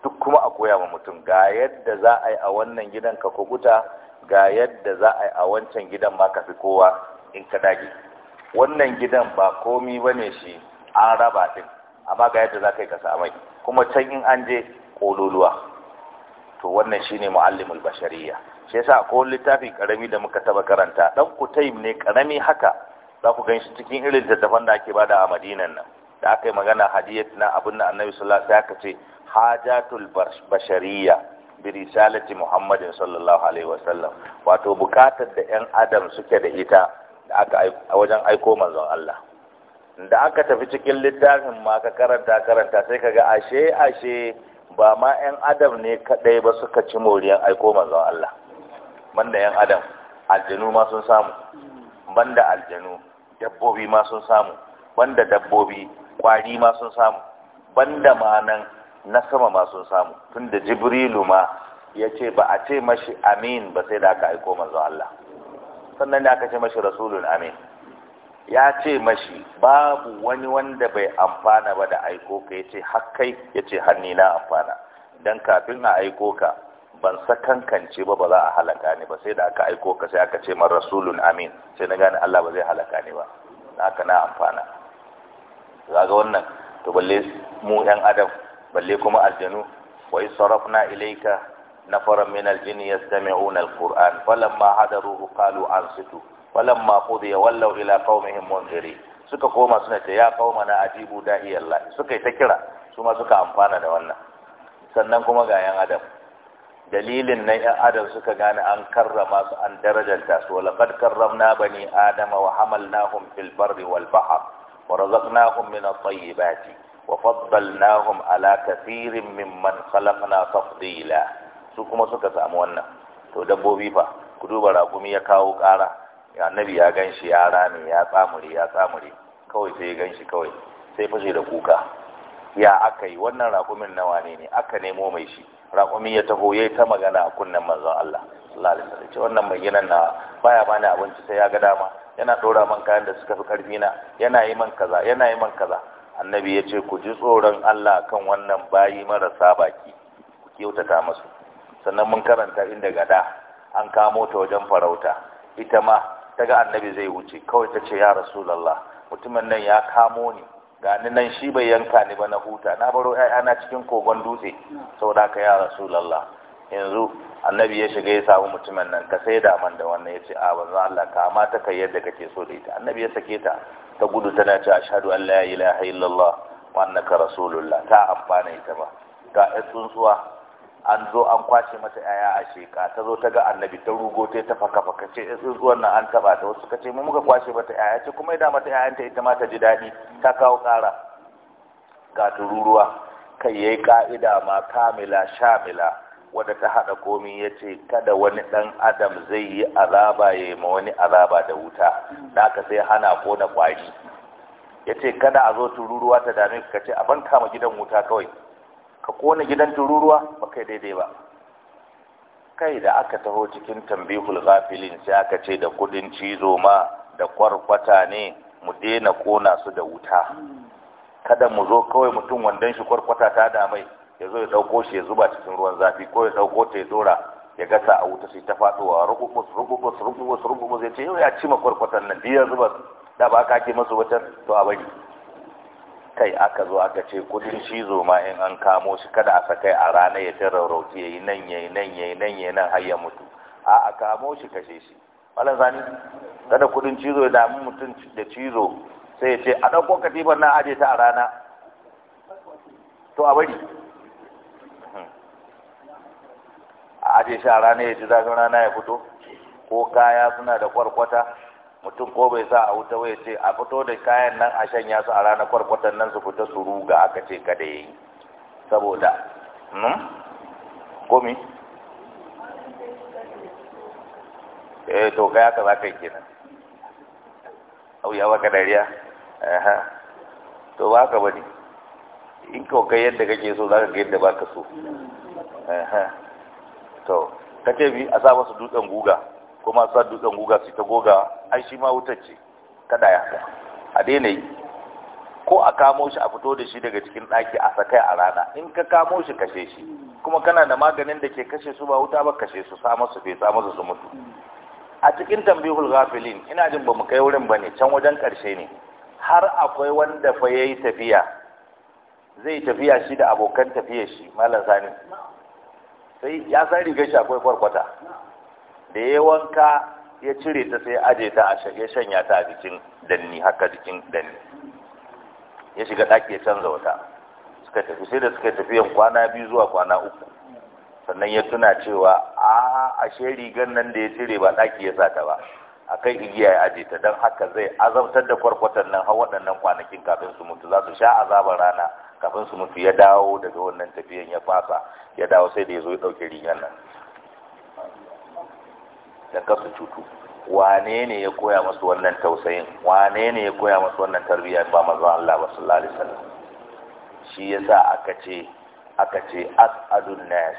duk kuma a koya ma mutum ga yadda za a yi a wannan gidan ka kubuta ga yadda za a yi a wancan gidan ma ka fi kowa in ka dage wannan gidan ba komi ba ne shi an raba din amma ga yadda za ka yi ka samai kuma can in an je ƙololuwa to wannan shine muallimul bashariya shi yasa ko littafin karami da muka taba karanta dan kutaim ne karami haka za ku gan shi cikin irin tattafan da ake bada a madinan nan da aka yi magana hadiyat na abin da annabi sallallahu alaihi wasallam aka ce hajatul bashariya bi risalati muhammadin sallallahu alaihi wasallam wato bukatar da yan adam suke da ita da aka a wajen aiko manzon Allah da aka tafi cikin littafin ma ka karanta karanta sai kaga ashe ashe ba ma yan adam ne kadai ba suka ci moriyan aiko manzon Allah da yan adam aljinu ma sun samu banda aljanu dabbobi ma sun samu banda dabbobi kwari ma sun samu banda manan na sama ma sun samu tunda jibrilu ma ya ce ba a ce mashi amin ba sai da aka aiko manzo Allah sannan da aka ce mashi rasulun amin ya ce mashi babu wani wanda bai amfana ba da aiko ka ya ce hakkai ya ce ni na amfana don kafin a aiko ka ban sakankance ba ba za a halaka ni ba sai da aka aiko ka sai aka ce man rasulun amin sai na gane Allah ba zai halaka ni ba haka na amfana zaga wannan to balle mu yan adam balle kuma aljanu wa isarafna ilayka nafara min aljinni yastami'una alquran falamma hadaruhu qalu ansitu falamma qudiya wallaw ila qaumihim munziri suka koma suna ce ya na ajibu da'i Allah suka yi ta kira su ma suka amfana da wannan sannan kuma ga yan adam dalilin nan ‘yan adam suka gane an karrama su an darajanta su walaƙad karramna bani adama wa hamalnahum fil barri wal bahar wa razaqnahum min at-tayyibati wa faddalnahum ala kathirin mimman khalaqna tafdila su kuma suka samu wannan to dabbobi fa ku duba ragumi ya kawo ƙara annabi ya ganshi ya rame ya tsamuri ya tsamuri, kawai sai ya ganshi kawai sai fashe da kuka ya aka yi wannan ragumin nawa ne ne aka nemo mai shi raƙumi ya taho ya yi ta magana a kunnen manzon Allah sallallahu alaihi wannan mai ginan na baya bani abinci sai ya ga dama yana ɗora man kayan da suka fi ƙarfi na yana yi man kaza yana yi man kaza annabi ya ce ku ji tsoron Allah kan wannan bayi marasa baki ku kyautata masu sannan mun karanta inda gada an kamo ta wajen farauta ita ma ta ga annabi zai wuce kawai ta ce ya rasulallah mutumin nan ya kamo ni Ga ni nan shi bai yanka ni ba na huta na baro 'ya'yana cikin kogon dutse saboda ka ya rasulullah yanzu annabi ya shiga ya samu mutumin nan ka sai daman da wannan ya ce a wanzu Allah ka ma ta kai yadda kake so da ita annabi ya sake ta ta gudu tana ce ashhadu an la ilaha illallah wa annaka rasulullah ta amfana ita ba ga tsuntsuwa an zo an kwashe mata yaya a sheka ta zo ta ga annabi ta rugo ta ta faka faka ce tsuntsuwan nan an taba ta wasu kace mu muka kwashe mata yaya ce kuma idan mata yayan ta ita ma ta ji dadi ta kawo kara ga tururuwa kai yayi ka'ida ma kamila shamila wanda ta hada komi yace kada wani dan adam zai yi azaba yayi ma wani azaba da wuta naka sai hana ko na kwari yace kada a zo tururuwa ta dame ka ce a banka ma gidan wuta kawai ka kona gidan tururuwa ba kai daidai ba kai da aka taho cikin tambihul ghafilin sai aka ce da kudin cizo ma da kwarkwata ne mu daina kona su da wuta kada mu zo kawai mutum wandon shi kwarkwata ta damai ya zo ya dauko shi ya zuba cikin ruwan zafi ko ya dauko ta ya dora ya gasa a wuta sai ta faduwa rububus rububus rububus rububus ya ce yau ya ci ma kwarkwatan nan biyar zuba da ba ka ke masu wutar to a bari kai aka zo aka ce kudin cizo ma in an kamo shi kada a sakai a rana ya ta rauti ya yi nan ya yi nan ya yi nan ya yi nan har ya mutu a a kamo shi kashe shi malam zani kada kudin cizo ya damu mutum da cizo sai ya ce a ɗauko katifar nan aje ta a rana to a bari a aje shi a rana ya ji zafin rana ya fito ko kaya suna da kwarkwata mutum ko bai sa a wuta wai ce a fito da kayan nan a shanya su a ranar kwarkwatan nan su fita su ruga aka ce kada yi saboda nun hmm? komi eh to kai aka za ka yi kenan au ya baka dariya to ba ka bane in ka kai yadda kake so za ka ga yadda ba ka so to kace bi a sa masu dutsen guga kuma sa dutsen guga su ta goga ai shi ma wutar ce ta daya a daina yi ko a kamo shi a fito da shi daga cikin ɗaki a sakai a rana in ka kamo shi kashe shi kuma kana da maganin da ke kashe su ba wuta ba kashe su sa masu fe sa masu su mutu a cikin tambihul ghafilin ina jin ba mu kai wurin ba ne can wajen ƙarshe ne har akwai wanda fa yayi tafiya zai tafiya shi da abokan tafiyar shi malam sani sai ya san rigar shi akwai kwarkwata da ya wanka ya cire ta sai aje ta a ya shanya ta a jikin danni haka jikin danni ya shiga ɗaki ya canza wata suka tafi sai da suka tafi yan kwana biyu zuwa kwana uku sannan ya tuna cewa a ashe rigar nan da ya cire ba ɗaki ya sata ba a kai igiya ya aje ta don haka zai azabtar da kwarkwatan nan har waɗannan kwanakin kafin su mutu za su sha azabar rana kafin su mutu ya dawo daga wannan tafiyan ya fasa ya dawo sai da ya zo ya ɗauke rigar nan da kasu cutu wane ne ya koya masu wannan tausayin wane ne ya koya masu wannan tarbiyya ba manzon Allah ba sallallahu alaihi wasallam shi yasa aka ce aka ce as'adun nas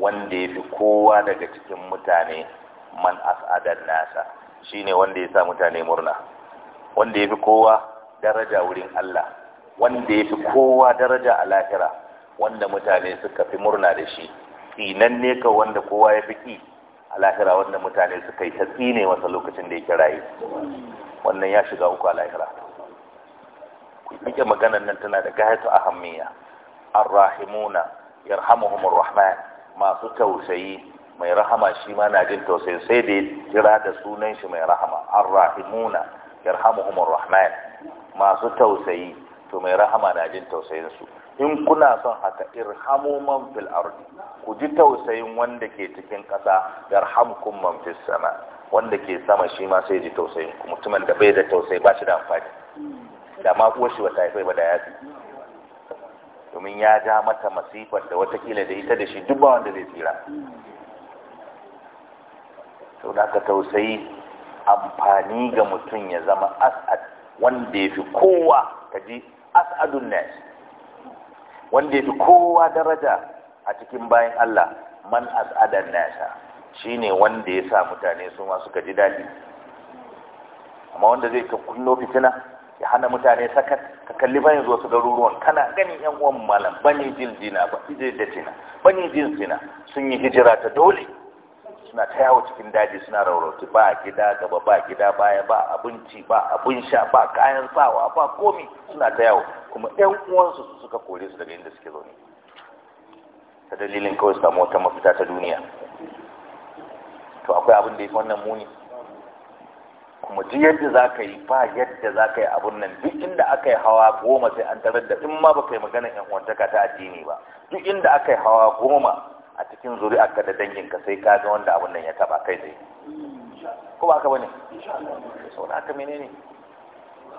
wanda yafi kowa daga cikin mutane man as'adan nasa shine wanda ya sa mutane murna wanda yafi kowa daraja wurin Allah wanda yafi kowa daraja a lahira wanda mutane suka fi murna da shi tsinanne ka wanda kowa yafi fi ki a lahira wanda mutane suka yi ta tsine wata lokacin da ya kira yi, wannan ya shiga uku a lahira rike maganar nan tana da gayatu ahammiya arrahimuna yarhamuhumur rahman masu tausayi mai rahama shi ma na jin tausayi sai da kira da sunan shi mai rahama An rahimuna, arrahimuna yarhamuhumur rahman masu tausayi to mai rahama na jin tausayin su in kuna son haka irhamu man fil ardi ku ji tausayin wanda ke cikin kasa yarhamkum man fis sama wanda ke sama shi ma sai ji tausayin ku mutumin da bai da tausayi ba shi da amfani da ma kuwa shi wata haifai ba da yaki domin ya ja mata masifar da watakila da ita da shi duk ba wanda zai tsira sau da aka tausayi amfani ga mutum ya zama as'ad wanda ya fi kowa ka ji as'adun nas wanda yafi kowa daraja a cikin bayan Allah man as'adan nasa shine wanda ya sa mutane su ma suka ji dadi amma wanda zai ka kunno fitina ya hana mutane sakat ka kalli bayan zuwa su garuruwan kana gani yan uwan malam bani dina ba da tina bani jiljina sun yi hijira ta dole suna ta yawo cikin daji suna raurauti ba gida gaba ba gida baya ba abinci ba abin sha ba kayan sawa ba komi suna ta yawo kuma yan uwansu su suka kore su daga inda suke zaune ta dalilin kawai su samu wata mafita ta duniya to akwai abin da ya wannan muni kuma duk yadda za ka yi ba yadda za ka yi abun nan duk inda aka yi hawa goma sai an tarar da in ma ba ka yi maganar yan uwantaka ta addini ba duk inda aka yi hawa goma a cikin zuri'arka da danginka sai ka ga wanda abin nan ya taba kai tsaye ko ba ka bane sau da haka menene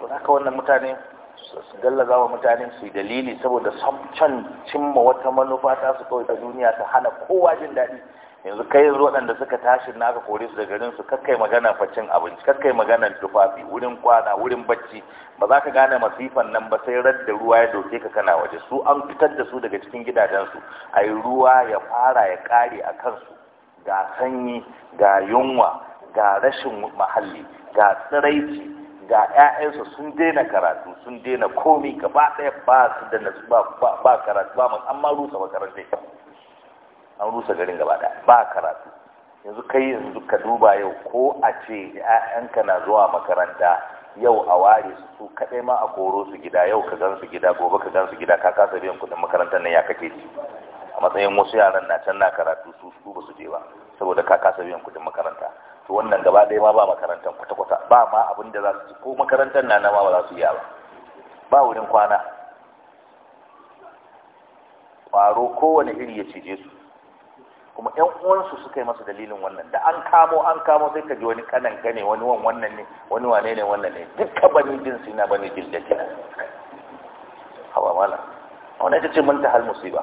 sau da wannan mutane su gallaza wa mutane su yi dalili saboda can cimma wata manufa ta su kawai ta duniya ta hana kowa jin daɗi yanzu kai yanzu waɗanda suka tashi na aka kore su da garin su kakkai magana facin abinci kakkai magana tufafi wurin kwana wurin bacci ba za ka gane masifan nan ba sai da ruwa ya doke ka kana waje su an fitar da su daga cikin gidajensu a yi ruwa ya fara ya kare a kansu ga sanyi ga yunwa ga rashin muhalli ga tsiraici ga 'ya'yansu sun daina karatu sun daina komi gaba ɗaya ba su da nasu ba karatu ba amma rusa makarantar an rusa garin gaba da ba karatu yanzu kai yanzu ka duba yau ko a ce ‘ya'yanka na zuwa makaranta yau a ware su su kaɗai ma a koro su gida yau ka gan su gida gobe ka gan su gida ka kasa biyan kudin makarantar nan ya kake ci a matsayin wasu yaran na can na karatu su su ba su je ba saboda ka kasa biyan kudin makaranta to wannan gaba ɗaya ma ba makarantar kwata-kwata ba ma abin da za su ci ko makarantar na nama ba za su iya ba ba wurin kwana ƙwaro kowane iri ya cije su kuma ƴan uwansu suka yi masa dalilin wannan da an kamo an kamo sai ka ji wani kanan gane wani wan wannan ne wani wane ne wannan ne duka bani jinsi sina bani jildakina hawa mala wannan ita ce mun ta hal musiba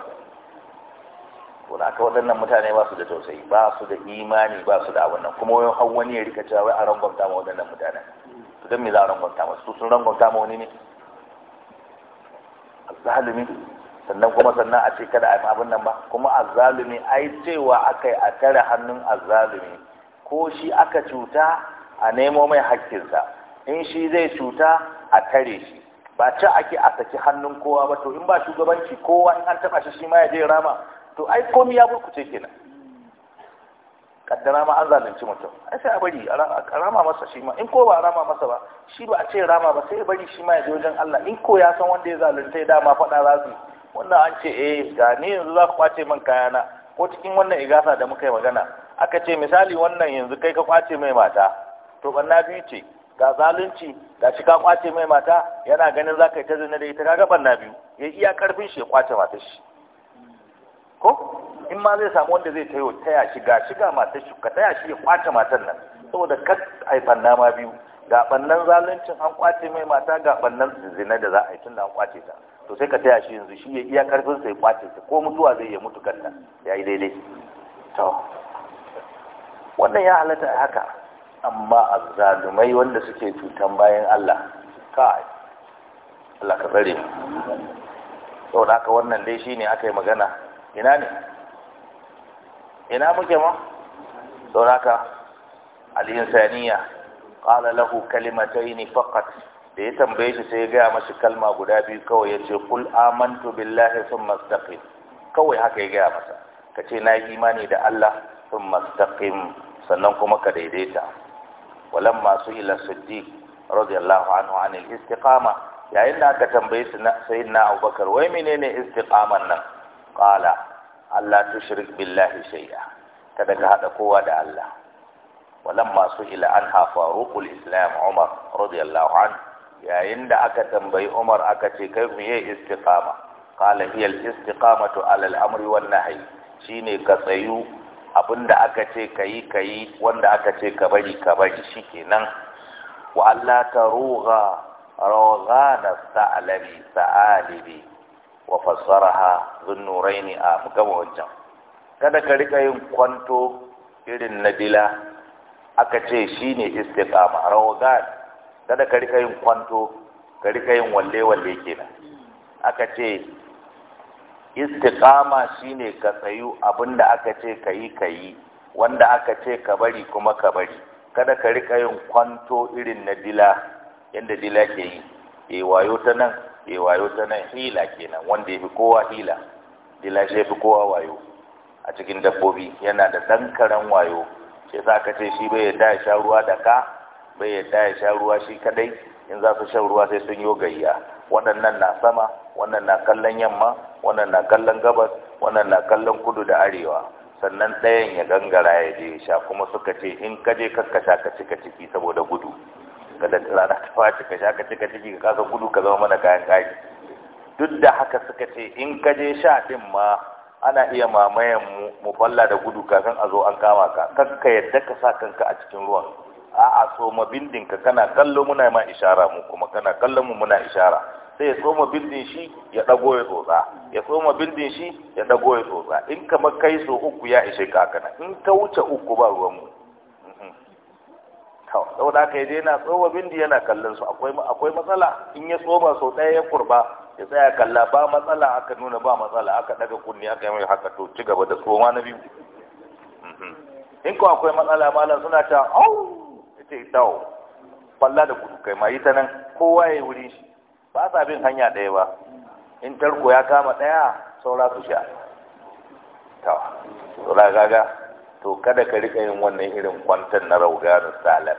ko da aka waɗannan mutane ba su da tausayi ba su da imani ba su da wannan, kuma wani har wani ya rika cewa wai a rangwamta ma waɗannan mutane to dan me za a rangwamta Su sun rangwamta ma wani ne azzalimi sannan kuma sannan a ce kada a yi abin nan ba kuma azzalumi ai cewa aka yi a tare hannun azzalumi ko shi aka cuta a nemo mai hakkinsa in shi zai cuta a tare shi ba ci ake a saki hannun kowa ba to in ba shugabanci kowa in an taba shi shi ma ya je rama to ai komi ya burkuce kenan kaddara ma an zalunci mutum ai sai a bari a rama masa shi ma in ko ba a rama masa ba shi ba a ce rama ba sai ya bari shi ma ya je wajen Allah in ko ya san wanda ya zalunta ya dama faɗa za su wannan an ce eh ga ni yanzu za ka kwace man kayana ko cikin wannan igasa da muka yi magana aka ce misali wannan yanzu kai ka kwace mai mata to banna biyu ce ga zalunci ga shi ka kwace mai mata yana ganin za ka yi ta zina da ita kaga banna biyu ya iya karfin shi ya kwace mata shi ko in ma zai samu wanda zai tayo taya shi ga shi ga mata shi ka taya shi ya kwace matan nan saboda kar ai banna ma biyu ga bannan zaluncin an kwace mai mata ga bannan zina da za a yi tun da an kwace ta to sai ka taya shi yanzu shi ya iya karfin sai kwace ta ko mutuwa zai iya mutu kanta ya yi daidai to wannan ya halatta a haka amma azzalumai wanda suke cutan bayan Allah kai Allah ka tsare mu da haka wannan dai shine aka yi magana ina ne ina muke ma da haka al-insaniya qala lahu kalimatayn faqat da ya tambaye shi sai ya gaya mashi kalma guda biyu kawai ya ce kul amantu billahi sun mastaqim kawai haka ya gaya masa ka ce na yi imani da Allah sun mastaqim sannan kuma ka daidaita walan masu ila siddiq radiyallahu anhu an al-istiqama yayin da aka tambaye su sayyidina Abubakar wai menene istiqaman nan qala Allah tushrik billahi shay'a kada ka hada kowa da Allah walan masu ila an faruqul islam Umar radiyallahu anhu yayin da aka tambayi Umar aka ce kai mu yi istiqama qala hiya al-istiqamatu ala al-amri wal nahyi shine ka tsayu abinda aka ce kayi kayi wanda aka ce ka bari ka bari shikenan wa alla taruga rawghana sa'alabi sa'alibi wa fassaraha nurayni a muka wancan kada ka rika yin kwanto irin nadila aka ce shine istiqama rawghana kada ka rika yin kwanto ka rika yin walle walle kenan aka ce istiqama shine ka tsayu abinda aka ce ka yi ka yi wanda aka ce ka bari kuma ka bari kada ka rika yin kwanto irin na dila yadda dila ke yi e wayo ta nan e wayo ta nan hila kenan wanda ya fi kowa hila dila shi ya fi kowa wayo a cikin dabbobi yana da dankaran wayo sai sa ka ce shi bai da sha ruwa da ka bai yadda ya sha ruwa shi kadai in za su shan ruwa sai sun yi gayya waɗannan na sama wannan na kallon yamma wannan na kallon gabas wannan na kallon kudu da arewa sannan ɗayan ya gangara ya je sha kuma suka ce in ka je ka sha ka cika ciki saboda gudu kada rana ta fashi ka sha ka cika ciki ka kasa gudu ka zama mana kayan kaji duk da haka suka ce in ka je sha din ma ana iya mamayen mu mu falla da gudu kafin a zo an kama ka kakka yadda ka sa kanka a cikin ruwan a'a tsoma bindin ka kana kallo muna ma ishara mu kuma kana kallo mu muna ishara sai ya tsoma bindin shi ya dago ya tsotsa ya tsoma bindin shi ya dago ya tsotsa in kamar kai so uku ya ishe ka kana in ta wuce uku ba ruwan mu da, haka ya yana tsoma bindi yana kallon su akwai akwai matsala in ya tsoma sau ɗaya ya kurba ya tsaya kalla ba matsala aka nuna ba matsala aka daga kunni aka yi mai haka to ci gaba da tsoma na biyu in ko akwai matsala malam suna ta au ce dawo balla da gudu kai ma yi ta nan kowa ya wuri shi ba sa bin hanya ɗaya ba in tarko ya kama ɗaya saura su sha saura gaga to kada ka rika yin wannan irin kwanton na da salar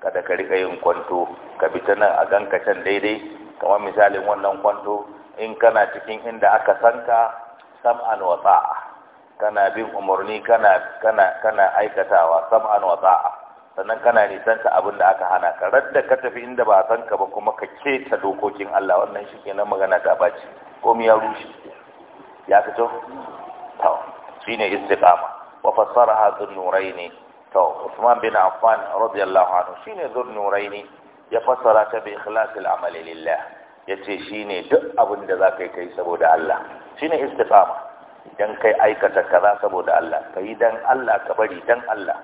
kada ka rika yin kwanto ka bi ta nan a ganka can daidai kamar misalin wannan kwanto in kana cikin inda aka sanka sam'an wa kana bin umarni kana kana kana aikatawa sam'an wa sannan kana ka abin da aka hana ka radda ka tafi inda ba san ka ba kuma ka keta dokokin Allah wannan shi kenan magana ta baci komai ya rushe ya fito to ne istiqama wa fassaraha dhun nurain to Uthman bin Affan radiyallahu anhu ne dhun nurain ya fassara ta bi ikhlas al-amali lillah yace ne duk abin da ka kai saboda Allah Shi ne istiqama dan kai aikata kaza saboda Allah kai dan Allah ka bari dan Allah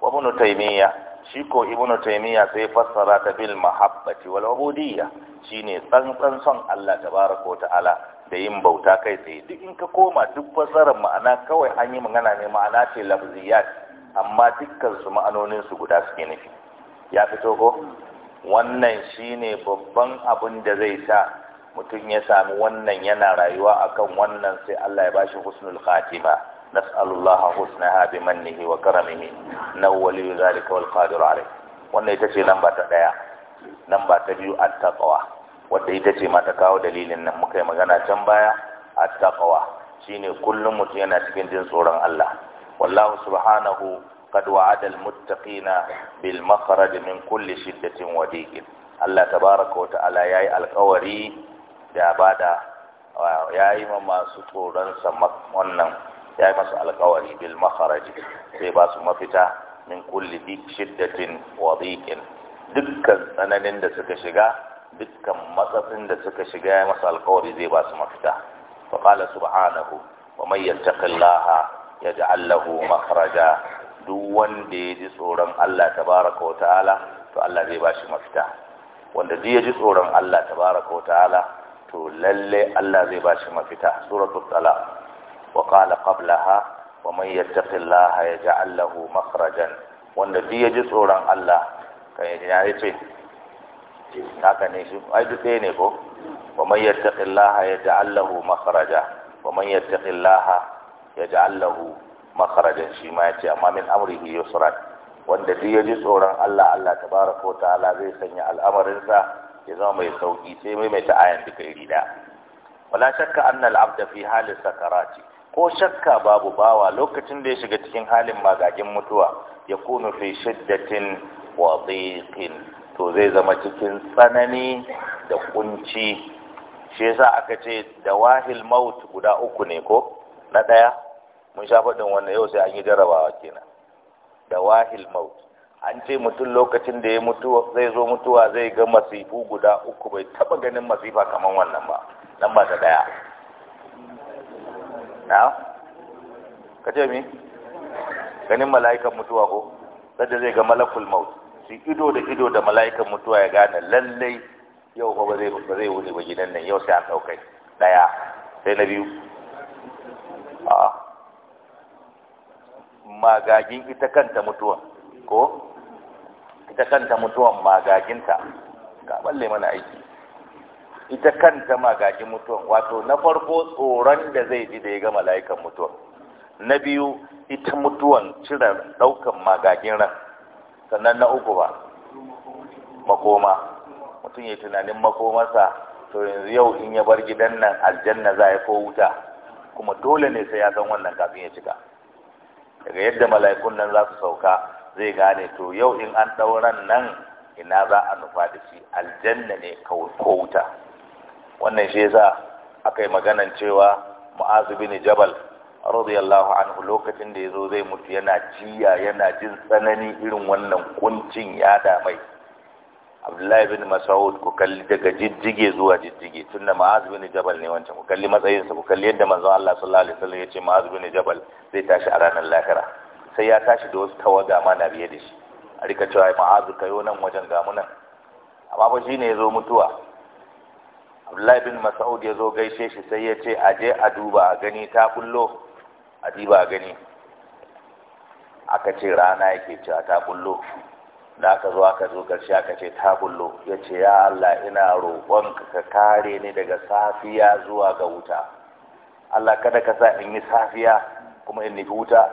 wa ibn taymiya shi ko ibn taymiya sai fassara ta bil mahabbati wal shine tsantsan son Allah tabaraka ta'ala da yin bauta kai tsaye duk in ka koma duk fassarar ma'ana kawai an yi magana ne ma'ana ce lafziyat amma dukkan su ma'anonin su guda suke nufi ya fito ko wannan shine babban abin da zai sa mutum ya sami wannan yana rayuwa akan wannan sai Allah ya bashi husnul khatima نسأل الله حسنها بمنه وكرمه إنه ولي ذلك والقادر عليه wannan ita ce lamba ta ɗaya lamba ta biyu attaqwa wadda ita ce mata kawo dalilin nan muka yi magana can baya Shi shine kullum mutum yana cikin jin tsoron Allah wallahu subhanahu qad wa'ada al-muttaqina bil makhraj min kulli shiddatin wa dhiqin Allah tabaaraka wa ta'ala yayi alƙawari da bada yayi ma masu tsoron sa wannan ya yi masu alkawari bil makharaji sai ba su mafita min kulli dik shiddatin wa dhiqin dukkan tsananin da suka shiga dukkan matsafin da suka shiga ya masu alkawari zai ba su mafita fa qala subhanahu wa man yattaqillaha yaj'al lahu makhraja duk wanda ya ji tsoron Allah tabaraka wa ta'ala to Allah zai ba shi mafita wanda duk ya ji tsoron Allah tabaraka wa ta'ala to lalle Allah zai ba shi mafita suratul talaq وقال قبلها ومن يتق الله يجعل له مخرجا wanda duk ya ji tsoron Allah kan yi ya ce haka ne shi ai duk ɗaya ne ko wa man yattaqillaha yaj'al lahu makhraja wa man yattaqillaha yaj'al lahu makhrajan shi ma yace amma min amrihi yusran wanda duk ya ji tsoron Allah Allah tabaraka wa ta'ala zai sanya al'amarinsa ya zama mai sauki sai mai mai ta ayan duka iri da wala shakka anna al-abda fi hali sakarati ko shakka babu bawa lokacin da ya shiga cikin halin magagin mutuwa ya kunu fi shiddatin wa dhiqin to zai zama cikin tsanani da kunci shi yasa aka ce dawahil maut guda uku ne ko na daya mun sha faɗin wannan yau sai an yi jarabawa kenan dawahil maut an ce mutum lokacin da ya mutu zai zo mutuwa zai ga masifu guda uku bai taba ganin masifa kaman wannan ba nan ba ta daya na ka ce mi ganin mala'ikan mutuwa ko sadda zai ga malakul maut su ido da ido da mala'ikan mutuwa ya gane lallai yau ba zai ba zai wuce ba gidan nan yau sai an daukai daya sai na biyu a magagin ita kanta mutuwa ko ita kanta mutuwan magaginta ga balle mana aiki ita kanta magajin mutuwan wato na farko tsoron da zai ji da ya ga mala'ikan mutuwan na biyu ita mutuwan cire daukan magajin ran sannan na uku ba makoma mutum ya tunanin makomarsa to yanzu yau in ya bar gidan nan aljanna za a yi ko wuta kuma dole ne sai ya san wannan kafin ya cika daga yadda mala'ikun nan za su sauka zai gane to yau in an ɗauran nan ina za a nufa da shi aljanna ne ko wuta wannan shi yasa aka yi maganan cewa mu'azu bin jabal radiyallahu anhu lokacin da yazo zai mutu yana jiya yana jin tsanani irin wannan kuncin ya mai. abdullahi bin mas'ud ku kalli daga jijjige zuwa jijjige tunda mu'azu bin jabal ne wancan ku kalli matsayinsa ku kalli yadda manzo Allah sallallahu alaihi wasallam yace mu'azu bin jabal zai tashi a ranar lahira sai ya tashi da wasu tawaga ma na biye da shi a rika cewa ma'azu kayo nan wajen gamu nan amma fa shine yazo mutuwa abdullahi bin mas'ud ya zo gaishe shi sai ya ce aje a duba a gani ta kullo a diba a gani aka ce rana yake cewa ta kullo da aka zo aka zo karshe aka ce ta kullo ya ce ya Allah ina roƙonka ka kare ni daga safiya zuwa ga wuta Allah kada ka sa in yi safiya kuma in nufi wuta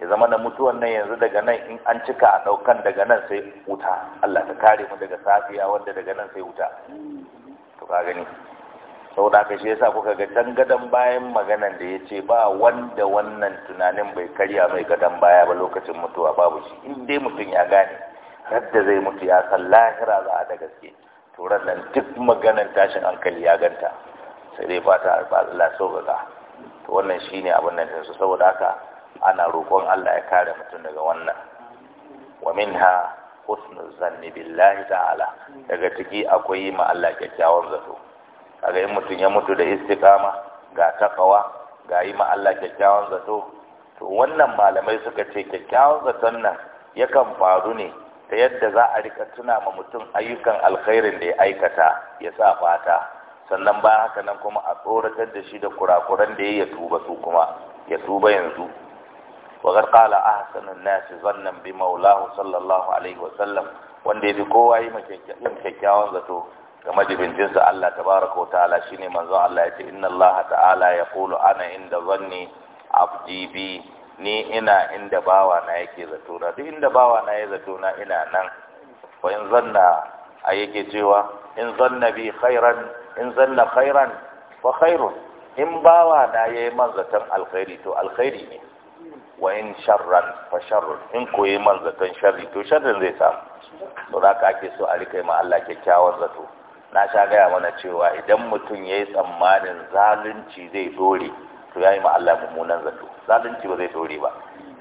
ya zama da mutuwan nan yanzu daga nan in an cika a ɗaukan daga nan sai wuta Allah ka kare mu daga safiya wanda daga nan sai wuta to ka gani da haka shi yasa kuka ga gadon bayan maganan da ya ce ba wanda wannan tunanin bai karya mai gadon baya ba lokacin mutuwa babu shi in dai mutum ya gane yadda zai mutu ya san lahira za a da gaske to nan duk maganan tashin hankali ya ganta sai dai fata sau sauƙaƙa to wannan shine abin nan saboda haka ana roƙon Allah ya kare mutum daga wannan wa minha husnul zanni billahi ta'ala daga ciki akwai yi ma Allah kyakkyawan zato kaga in mutum ya mutu da istiqama ga takawa ga yi ma Allah kyakkyawan zato to wannan malamai suka ce kyakkyawan zaton nan yakan faru ne ta yadda za a rika tuna ma mutum ayyukan alkhairin da ya aikata ya sa fata sannan ba haka nan kuma a tsoratar da shi da kurakuran da ya tuba su kuma ya tuba yanzu وقد قال أحسن الناس ظنا بمولاه صلى الله عليه وسلم wanda ya fi kowa yi yin kyakkyawan zato game da bincinsa Allah tabaraka wa ta'ala shine manzon Allah ya ce inna Allah ta'ala ya qulu ana inda zanni abdi bi ni ina inda bawa na yake zato na duk inda bawa na ya zato na ina nan wa in zanna a yake cewa in zanna bi khairan in zanna khairan fa khairun in bawa na yayi man zaton alkhairi to alkhairi ne wa in sharran fa sharrun in koyi man zaton sharri to sharrin zai samu to za ka ake so a rika ma Allah kyakkyawan zato na sha gaya mana cewa idan mutum ya yi tsammanin zalunci zai dore to ya yi ma Allah mummunan zato zalunci ba zai dore ba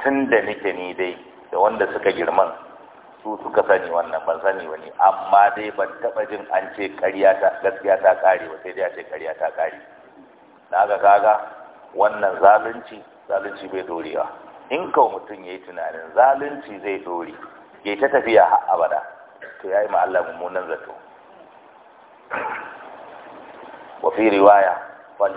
tun da nake ni dai da wanda suka girman su suka sani wannan ban sani wani amma dai ban taɓa jin an ce ƙarya ta gaskiya ta ƙare ba sai dai a ce ƙarya ta ƙare na ga kaga wannan zalunci zalunci bai dorewa in kawo mutum ya yi tunanin zalunci zai dore ya ta tafiya har abada to ya yi ma mummunan zato wa fi riwaya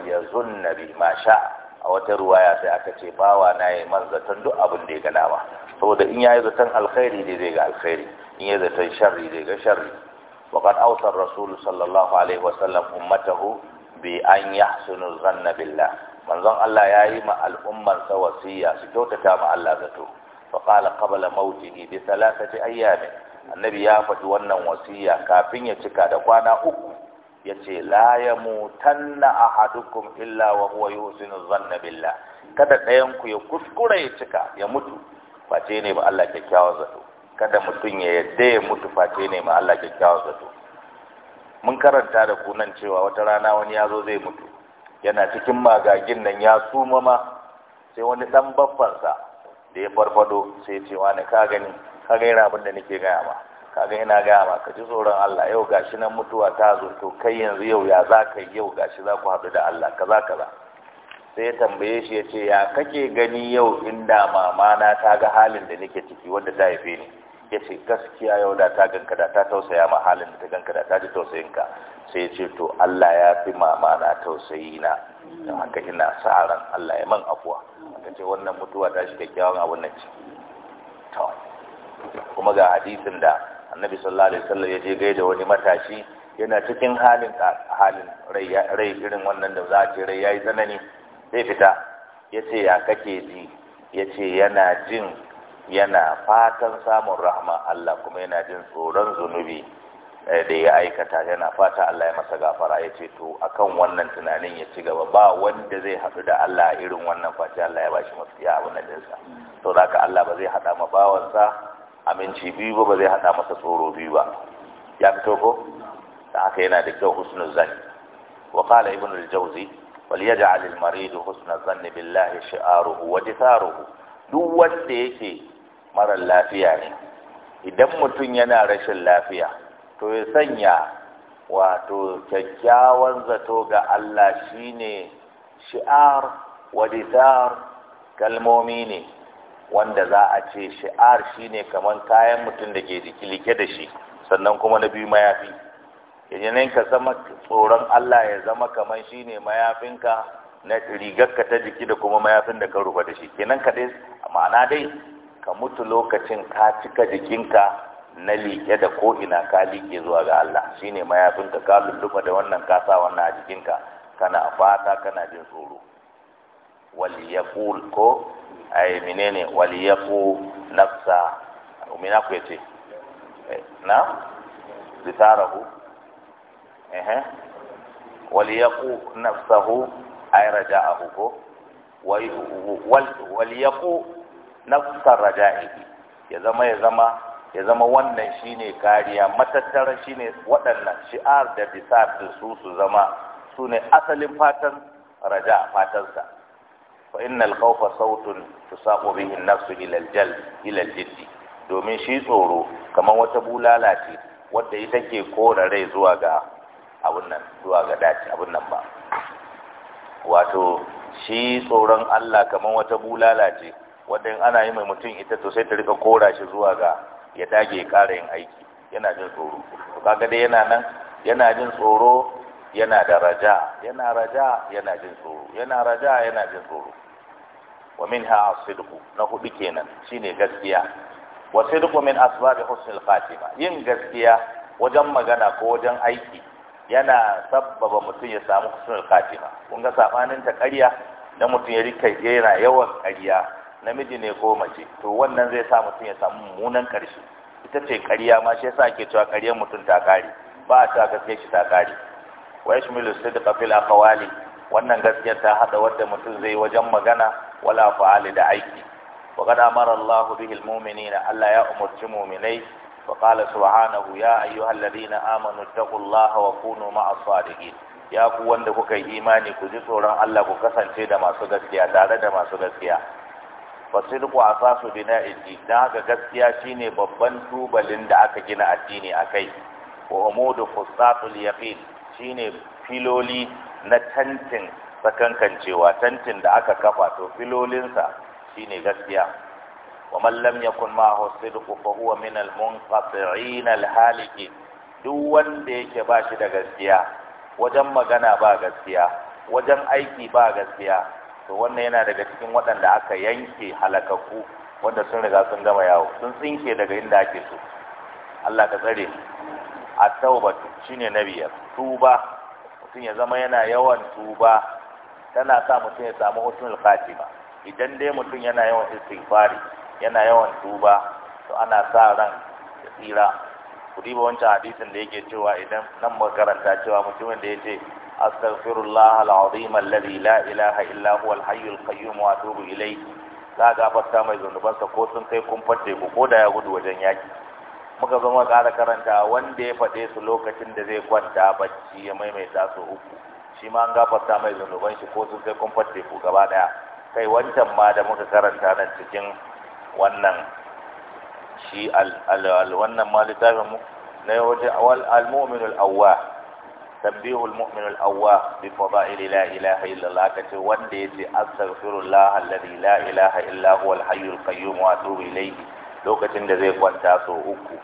ya zunna bi ma sha a wata ruwaya sai aka ce bawa na yi man zaton duk abin da ya gana ba. saboda in ya yi zaton alkhairi da zai ga alkhairi in ya zaton sharri da ga sharri wa ausar rasulu sallallahu alaihi wasallam ummatahu bi an yahsunu zanna billah manzon Allah ya yi ma al'ummar sa wasiya su kyautata ma Allah zato fa qala qabla mautihi bi thalathati ayyam annabi ya faɗi wannan wasiya kafin ya cika da kwana uku yace la yamutanna ahadukum illa wa huwa yusinu dhanna billah kada ɗayan ku ya kuskure ya cika ya mutu face ne ba Allah kyakkyawar zato kada mutum ya yadda ya mutu face ne ma Allah kyakkyawar zato mun karanta da kunan cewa wata rana wani yazo zai mutu yana cikin magagin nan ya suma ma sai wani dan baffansa da ya farfado sai ce wani ka gani ka ga yana abin da nake gaya ma ka ga ina gaya ma ka ji tsoron Allah yau gashi nan mutuwa ta zo to kai yanzu yau ya za ka yau gashi za ku haɗu da Allah kaza kaza sai ya tambaye shi ya ce ya kake gani yau inda mama na ta ga halin da nake ciki wanda ta haife ni ya ce gaskiya yau da ta ganka da ta tausaya ma halin da ta ganka da ta ji ka sai ya ce to Allah ya fi mama na tausayi na don haka ina sa ran Allah ya man afuwa aka ce wannan mutuwa ta shi kyakkyawan abun nan ce kuma ga hadisin da annabi sallallahu alaihi wasallam ya je da wani matashi yana cikin halin halin rai irin wannan da za a ce rai yayi tsanani sai fita ya ce ya kake ji ya ce yana jin yana fatan samun rahama Allah kuma yana jin tsoron zunubi eh, da ya aikata yana fata Allah ya masa gafara ya ce to akan wannan tunanin ya ci gaba ba wanda zai haɗu da Allah irin wannan fati Allah ya bashi mafiya abu na dinsa to ka Allah ba zai haɗa ma bawansa aminci biyu ba ba zai haɗa masa tsoro biyu ba ya fito ko da haka yana da kyau husnul zani wa qala ibn al-jawzi wal yaj'al al-marid husnul zanni billahi shi'aruhu wa jitharuhu duk wanda yake marar lafiya ne idan mutum yana rashin lafiya to ya sanya wato kyakkyawan zato ga Allah shine shi'ar wadisar kalmomi ne wanda za a ce shi'ar shine kaman kayan mutum da ke jiki like da shi sannan kuma na biyu mayafi yanayin ka zama tsoron Allah ya zama kamar shine mayafinka na rigarka ta jiki da kuma mayafin da ka rufa da shi kenan ka dai ma'ana dai ka mutu lokacin ka cika jikinka na liƙe da ko'ina ka liƙe zuwa ga Allah shi ne mayafinka ka lulluɓa da wannan kasa wannan a jikinka kana fata kana jin tsoro waliyakul ko a ai menene waliyaku nafsa umina ku ya ce eh, na litarahu ehe waliyaku nafsahu ay raja'ahu ko waliyaku nafsar raja'ihi ya zama ya zama ya zama wannan shine kariya matattara shine waɗannan shi'ar da bisar da su su zama su ne asalin fatan raja sa fa innal khawfa sautun tusaqu bihi an-nafsu ila al-jal ila al jidd domin shi tsoro kamar wata bulala ce wadda ita ke kora rai zuwa ga abun nan zuwa ga dace abun nan ba wato shi tsoron Allah kamar wata bulala ce wanda in ana yi mai mutum ita to sai ta rika kora shi zuwa ga ya dage ya ƙara yin aiki yana jin tsoro to kaga dai yana nan yana jin tsoro yana da raja yana raja yana jin tsoro yana raja yana jin tsoro wa min ha asidku na hudu kenan shine gaskiya wa sidku min asbab husnul khatima yin gaskiya wajen magana ko wajen aiki yana sabbaba mutum ya samu husnul khatima kun ga sabanin ta ƙarya da mutum ya rika yana yawan ƙarya namiji ne ko mace to wannan zai sa mutum ya samu mummunan ƙarshe ita ce ƙarya ma shi yasa ake cewa ƙaryar mutum ta kare ba a cewa gaskiyar shi ta kare wa da sidqa fil aqwali wannan gaskiyar ta haɗa wanda mutum zai wajen magana wala fa'ali da aiki wa qad amara Allahu bihi al Allah ya umurci mu'minai وقال سبحانه يا أيها ta amanu اتقوا الله وكونوا مع الصادقين ya ku wanda kuka yi imani ku ji tsoron Allah ku kasance da masu gaskiya tare da masu gaskiya fasidku asasu bina'id don haka gaskiya shine babban tubalin da aka gina addini a kai, wa umudu fustatul yaqin shine filoli na tantin sakankancewa tantin da aka kafa to filolinsa shine gaskiya wa man lam yakun ma'ahu sidqu fa huwa min al-munqati'in al duk wanda yake ba shi da gaskiya wajen magana ba gaskiya wajen aiki ba gaskiya to wannan yana daga cikin waɗanda aka yanke halakaku wanda sun riga sun gama yawo sun tsinke daga inda ake so Allah ka tsare a tauba shine na biyar tuba mutum ya zama yana yawan tuba tana sa mutum ya samu husnul khatima idan dai mutum yana yawan istighfari yana yawan tuba to ana sa ran ya tsira ku diba wancan hadisin da yake cewa idan nan makaranta cewa mutumin da ya ce أستغفر الله العظيم الذي لا إله إلا هو الحي القيوم وأتوب إليه za a gafarta mai zunubansa ko sun kai kun fadde ko da ya gudu wajen yaki muka zo muka karanta wanda ya faɗe su lokacin da zai kwanta bacci ya maimaita su uku shi ma an gafarta mai zunuban shi ko sun kai kun fadde ku kai wancan ma da muka karanta nan cikin wannan shi al wannan ma littafin mu na wajen al-mu'minul awwah tabbihul mu'minul awwa bi fadaili la ilaha illallah kace wanda yace astaghfirullah alladhi la ilaha illa huwal hayyul qayyum wa atubu lokacin da zai kwanta so uku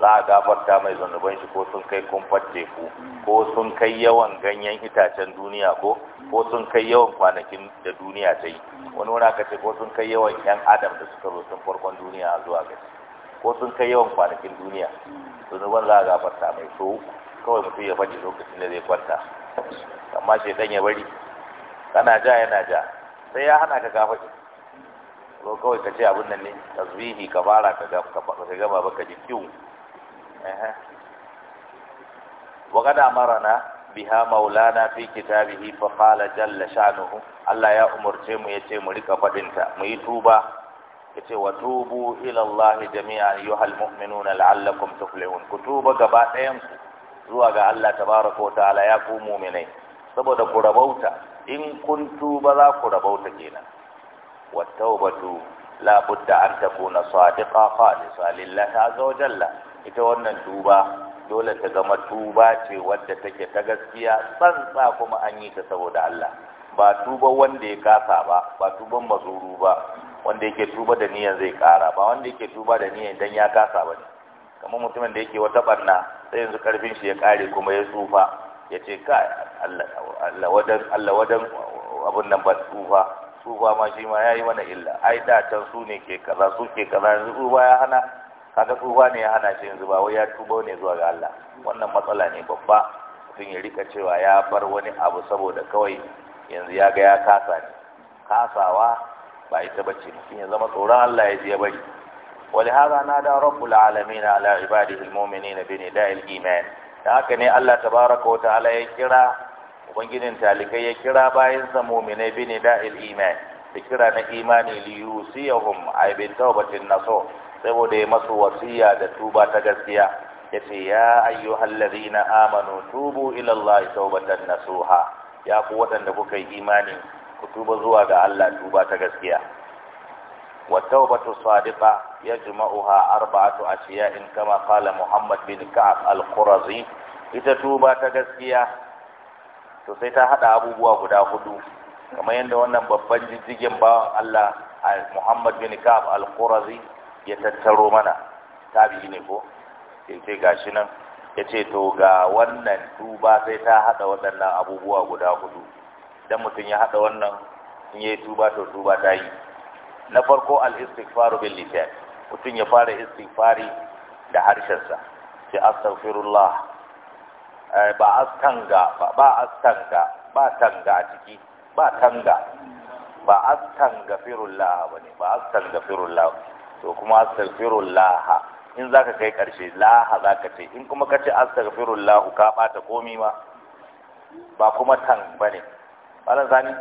za a gafarta mai zanuban shi ko sun kai kumfar teku ko sun kai yawan ganyen itacen duniya ko sun kai yawan kwanakin da duniya ta wani wani aka ce ko sun kai yawan yan adam da suka zo sun farkon duniya zuwa gaci ko sun kai yawan kwanakin duniya za a mai uku kawai mutum ya bari lokacin da zai kwanta amma dan ya bari kana ja yana ja sai ya hana ka gafa ki ko kawai ka ce abin nan ne tasbihi ka fara ka gama baka ji kiwu wa kada marana biha maulana fi kitabihi fa qala jalla sha'nuhu Allah ya umurce mu yace mu rika fadin ta mu yi tuba yace wa tubu ila Allah jami'an ayyuhal mu'minuna la'allakum tuflihun ku tuba gaba ɗayan ku zuwa ga Allah tabaraka wa ta'ala ya ku mu'minai saboda ku rabauta in kun tuba za ku rabauta kenan wa tawbatu la budda an takuna sadiqa khalisa lillahi azza wa jalla ita wannan tuba dole ta zama tuba ce wadda take ta gaskiya tsantsa kuma an yi ta saboda Allah ba tuba wanda ya kasa ba ba tuban mazuru ba wanda yake tuba da niyan zai kara ba wanda yake tuba da niyan dan ya kasa ba ne kamar mutumin da yake wata barna sai yanzu karfin shi ya kare kuma ya tsufa ya ce ka Allah wadan abin nan ba tsufa tsufa ma shi ma ya yi mana illa ai da can su ne ke kaza su ke kaza yanzu tsufa ya hana kaga tsufa ne ya hana shi yanzu ba wai ya tuba ne zuwa ga Allah wannan matsala ne babba mutum ya rika cewa ya bar wani abu saboda kawai yanzu ya ga ya kasa ne kasawa ba ita bace mutum ya zama tsoron Allah ya je ya bari ولهذا نادى رب العالمين على عباده المؤمنين بنداء الإيمان haka ne Allah tabaraka wataala ya kira ubangijin talikai ya kira bayan sa mu'minai bi nida'il iman da kira na imani li yusiyahum ay bi tawbatin naso saboda ya masu wasiya da tuba ta gaskiya yace ya ayyuhallazina amanu tubu ila Allah tawbatan nasuha ya ku waɗanda kuka yi imani ku tuba zuwa ga Allah tuba ta gaskiya wa tawbatu sadiqa يجمعها أربعة kama كما Muhammad bin بن al القرظي ita tuba ta gaskiya to sai ta hada abubuwa guda hudu kamar yadda wannan babban jijjigin ba Allah Muhammad bin Ka'ab al-Qurazi ya tattaro mana tabi'i ne ko sai gashi nan yace to ga wannan tuba sai ta hada waɗannan abubuwa guda hudu dan mutum ya hada wannan in yayi tuba to tuba ta yi na farko al-istighfaru bil lisan mutum ya fara istighfari da harshensa sai astaghfirullah eh, ba astanga ba ba astanga ba tanga a ciki ba tanga ba astaghfirullah bane ba astaghfirullah to kuma astaghfirullah in zaka kai karshe laha zaka ce in kuma kace astaghfirullah ka bata komi ma ba kuma tan bane malam zani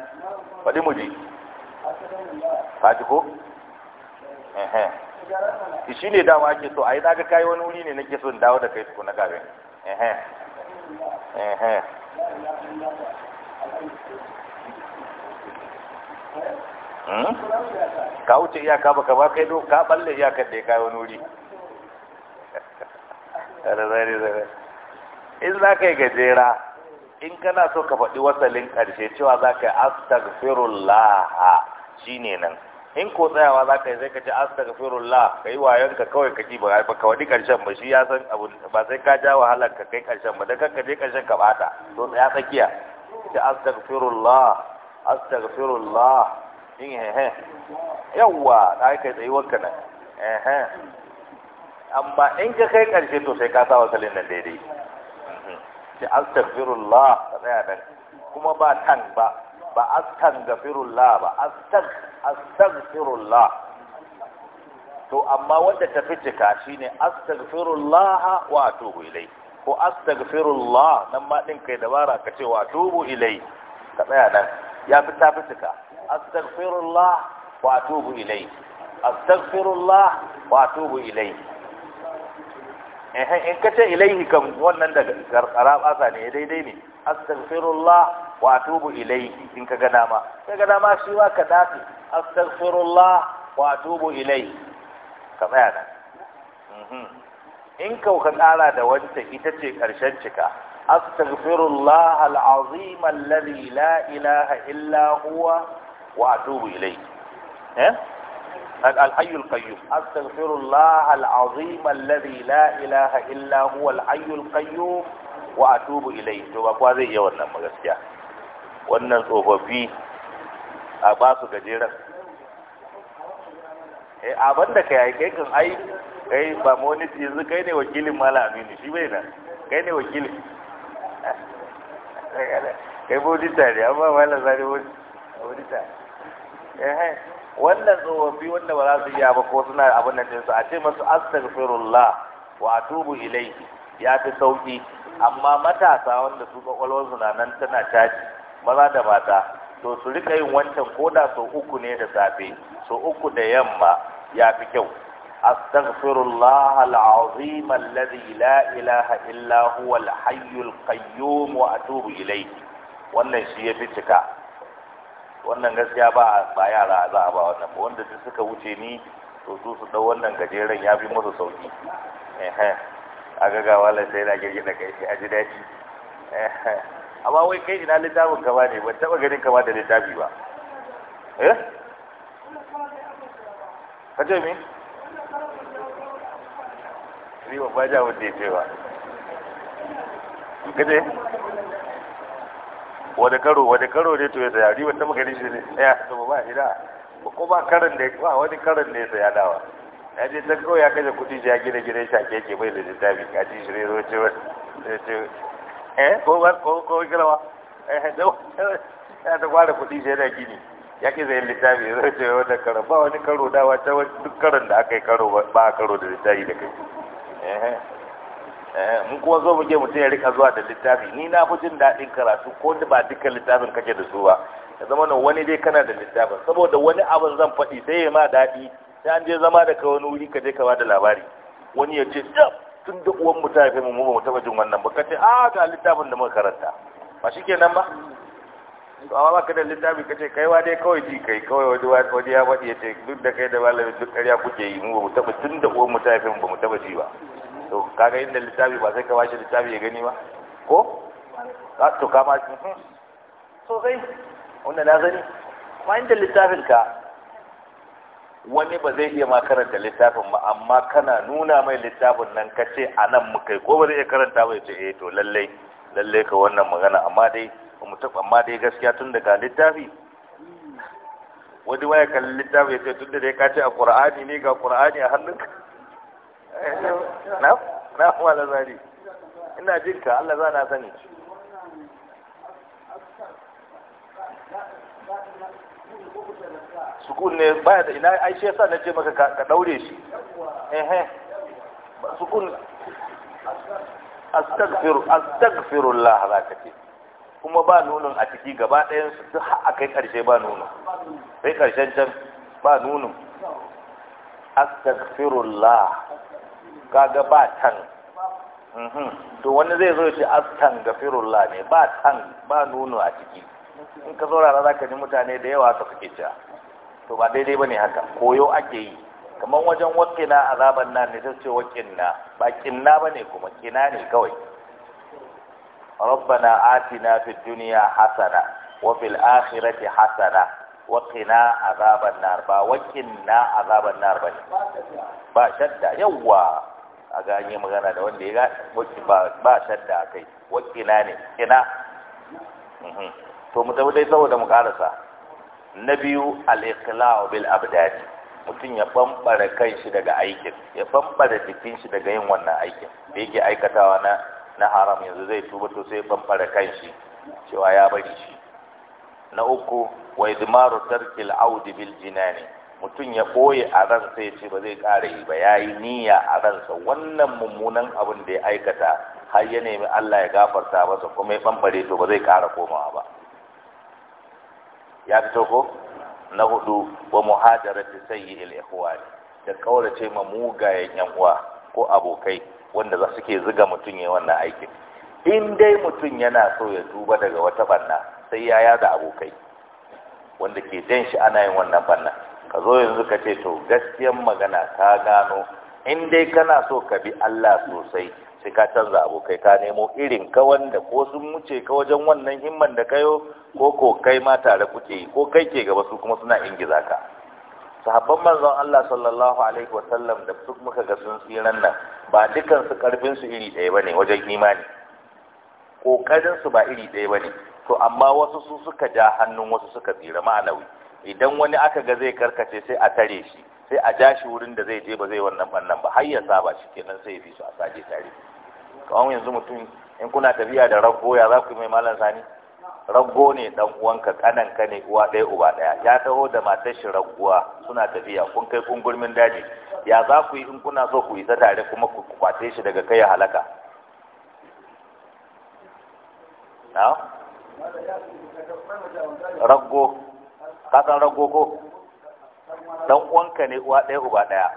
faɗi mu ji ka ji ko eh eh shi ne dama ake so a yi daga kayi wani wuri ne na so in dawo da kai tuku na kafin ehe ehe hmm? ka wuce iyaka baka ba kai do ka balle iyaka da ya kayi wani wuri in za ka yi gajera in kana so ka faɗi wasalin ƙarshe cewa za ka yi astagfirullah shi ne nan in ko tsayawa za ka yi zai ka ce astaghfirullah ka yi ka kawai ka ji ba ka wani karshen ba shi ya san abu ba sai ka ja wahalar ka kai karshen ba dan ka je karshen ka bata to ya tsakiya ta astaghfirullah astaghfirullah in he he yawa da kai tsayi wanka nan eh amma in ka kai karshe to sai ka sa wasalin nan daidai ta astaghfirullah ka tsaya nan kuma ba tan ba ba astaghfirullah ba astaghfirullah to amma wanda ta fitika shine astaghfirullah wa atubu ilai ko astaghfirullah nan ma din kai dabara ka ce wa atubu ilai ka tsaya nan ya fi ta fitika astaghfirullah wa atubu ilai astaghfirullah wa atubu ilai In ka ce ilaihi kan wannan daga karkara basa ne daidai ne astaghfirullah wa atubu ilaihi in ka ga dama sai ga dama shi wa ka dace astaghfirullah wa atubu ilaihi ka tsaya mhm. da in kau ka tsara da wancan ita ce ƙarshen cika astaghfirullah al'azim alladhi la ilaha illa huwa wa atubu ilayhi eh الحي القيوم استغفر الله العظيم الذي لا اله الا هو الحي القيوم واتوب اليه تو باكو زي يي wannan magaskiya wannan tsofaffi a ba su gajeran eh abanda kai kai kan ai kai ba mu moniti yanzu kai ne wakilin mala aminu shi bai nan kai ne wakilin kai monita ne amma mala zari eh eh wannan tsofaffi wanda ba za su iya ba ko suna abin nan ɗinsu a ce masu astaghfirullah wa atubu ilaihi ya fi sauki amma matasa wanda su kwakwalwarsu na nan tana caji maza da mata to su rika yin wancan koda sau uku ne da safe sau uku da yamma ya fi kyau astaghfirullah al'azim alladhi la ilaha illa huwa al-hayyul qayyum wa atubu ilayhi wannan shi yafi cika wannan gaskiya ba ba yara za a ba wannan ba wanda duk suka wuce ni to su su dau wannan gajeren ya fi musu sauki eh a ga la sai na girgi na kai a ji daɗi amma wai kai ina littafin gaba ne ban taɓa ganin kama da littafi ba eh ka mi ni ba ba ja wanda ya ce ba ka wani karo wani karo ne to ya saya riba ta magani shi ne ya eh, da ba ina ko ba karin da ba wani karin ne saya dawa ya je ta kawai ya kaje shi ya gina gina a keke bai da littafi ka ci shi rero ce wa eh ko ba ko ko eh da ya ta kwara kuɗi shi yana gini ya ke zai littafi ya zai ce wanda karo ba wani karo dawa ta duk karon da aka yi karo ba karo da littafi da kai eh, eh. Eh, mun kuma zo muke mutum ya rika zuwa da littafi ni na fi jin daɗin karatu ko ba duka littafin kake da su ba ya zama nan wani dai kana da littafin saboda wani abin zan faɗi sai ya ma daɗi sai an je zama da ka wani wuri ka je ka ba da labari wani ya ce jam tun da uwan mu ta fi mu ba mu taɓa jin wannan ba ka ce a ah, ga littafin da muka karanta ba shi kenan ba to amma ba ka da littafi ka ce kai wa dai kawai ji kai kawai wani wani ya faɗi ya ce duk da kai da malamin duk ƙarya kuke yi mu ba mu taɓa tun da uwan mu ta fi mu ba mu taɓa ji ba to kaga inda littafi ba sai ka bashi littafi ya gani ba ko to ka ma mhm. sai wanda na sani ma inda littafin ka wani ba zai iya ma karanta littafin ba amma kana nuna mai littafin nan ka ce a nan mu kai ko ba zai iya karanta ba ya ce eh to lallai lallai ka wannan magana amma dai amma dai gaskiya tun daga littafi wani waya kallon littafi ya ce tun da dai ka ce a ƙura'ani ne ga ƙura'ani a hannunka na kuma wala zari ina jinka Allah za na sani sukun ne baya da ina ai shi yasa na ce maka ka daure shi ehe eh sukun astaghfiru astaghfirullah za ka ce kuma ba nunin a ciki gaba ɗayan su duk har akai karshe ba nunin sai karshen can ba nunin astaghfirullah kaga ba tan mhm. to wani zai zo shi astan gafirullah ne ba tan ba nuno a ciki in ka zo za ka ji mutane da yawa suka ke cewa to ba daidai ba ne haka koyo ake yi kamar wajen wakina azaban nan ne ta ce wakina ba kinna ba ne kuma kina ne kawai rabbana atina fid dunya hasana wa fil akhirati hasana wa qina azaban nar ba wakinna azaban nar bane ba shadda yawa a ganye magana da wanda ya ga ba shadda a kai wakina ne kina mhm. to mu tafi saboda mu karasa na biyu al-iqla'u bil abdani mutum ya bambara kanshi daga aikin ya bambara jikin shi daga yin wannan aikin da yake aikatawa na haram yanzu zai tuba to sai bambara kanshi cewa ya bari shi na uku wa idmaru tarkil audi bil jinani mutum ya ɓoye a ransa ya ce ba zai ƙara yi ba ya yi niyya a ransa wannan mummunan abin da ya aikata har ya nemi Allah ya gafarta masa kuma ya ɓambare to ba zai ƙara komawa ba ya fito ko na hudu wa muhadarati sayyi'il ikhwan da ƙaurace ma mugayen yan uwa ko abokai wanda za suke zuga mutum ya wannan aikin in dai mutum yana so ya duba daga wata banna sai ya yada abokai wanda ke jan shi ana yin wannan banna ka zo yanzu ka ce to gaskiyan magana ka gano in dai kana so ka bi Allah sosai sai ka canza abokai ka nemo irin ka wanda ko sun wuce ka wajen wannan himman da kayo ko ko kai ma tare kuke yi ko kai ke gaba su kuma suna ingiza ka sahabban manzon Allah sallallahu alaihi wa sallam da duk muka ga sun tsiran nan ba dukan su karfin su iri ɗaya bane wajen imani kokarin su ba iri ɗaya bane to amma wasu su suka ja hannun wasu suka tsira ma'anawi idan wani aka ga zai karkace sai a tare shi sai a ja shi wurin da zai je ba zai wannan bannan ba har ya saba shi kenan sai ya fi su a sake tare kawai yanzu mutum in kuna tafiya da rago ya za ku mai malam sani rago ne dan uwanka kanan ka ne uwa ɗaya uba ɗaya ya taho da matar shi ragguwa suna tafiya kun kai kungurmin daji ya za ku yi in kuna so ku isa tare kuma ku kwace shi daga kai ya halaka raggo ka san rago ko dan uwanka ne uwa ɗaya uba ɗaya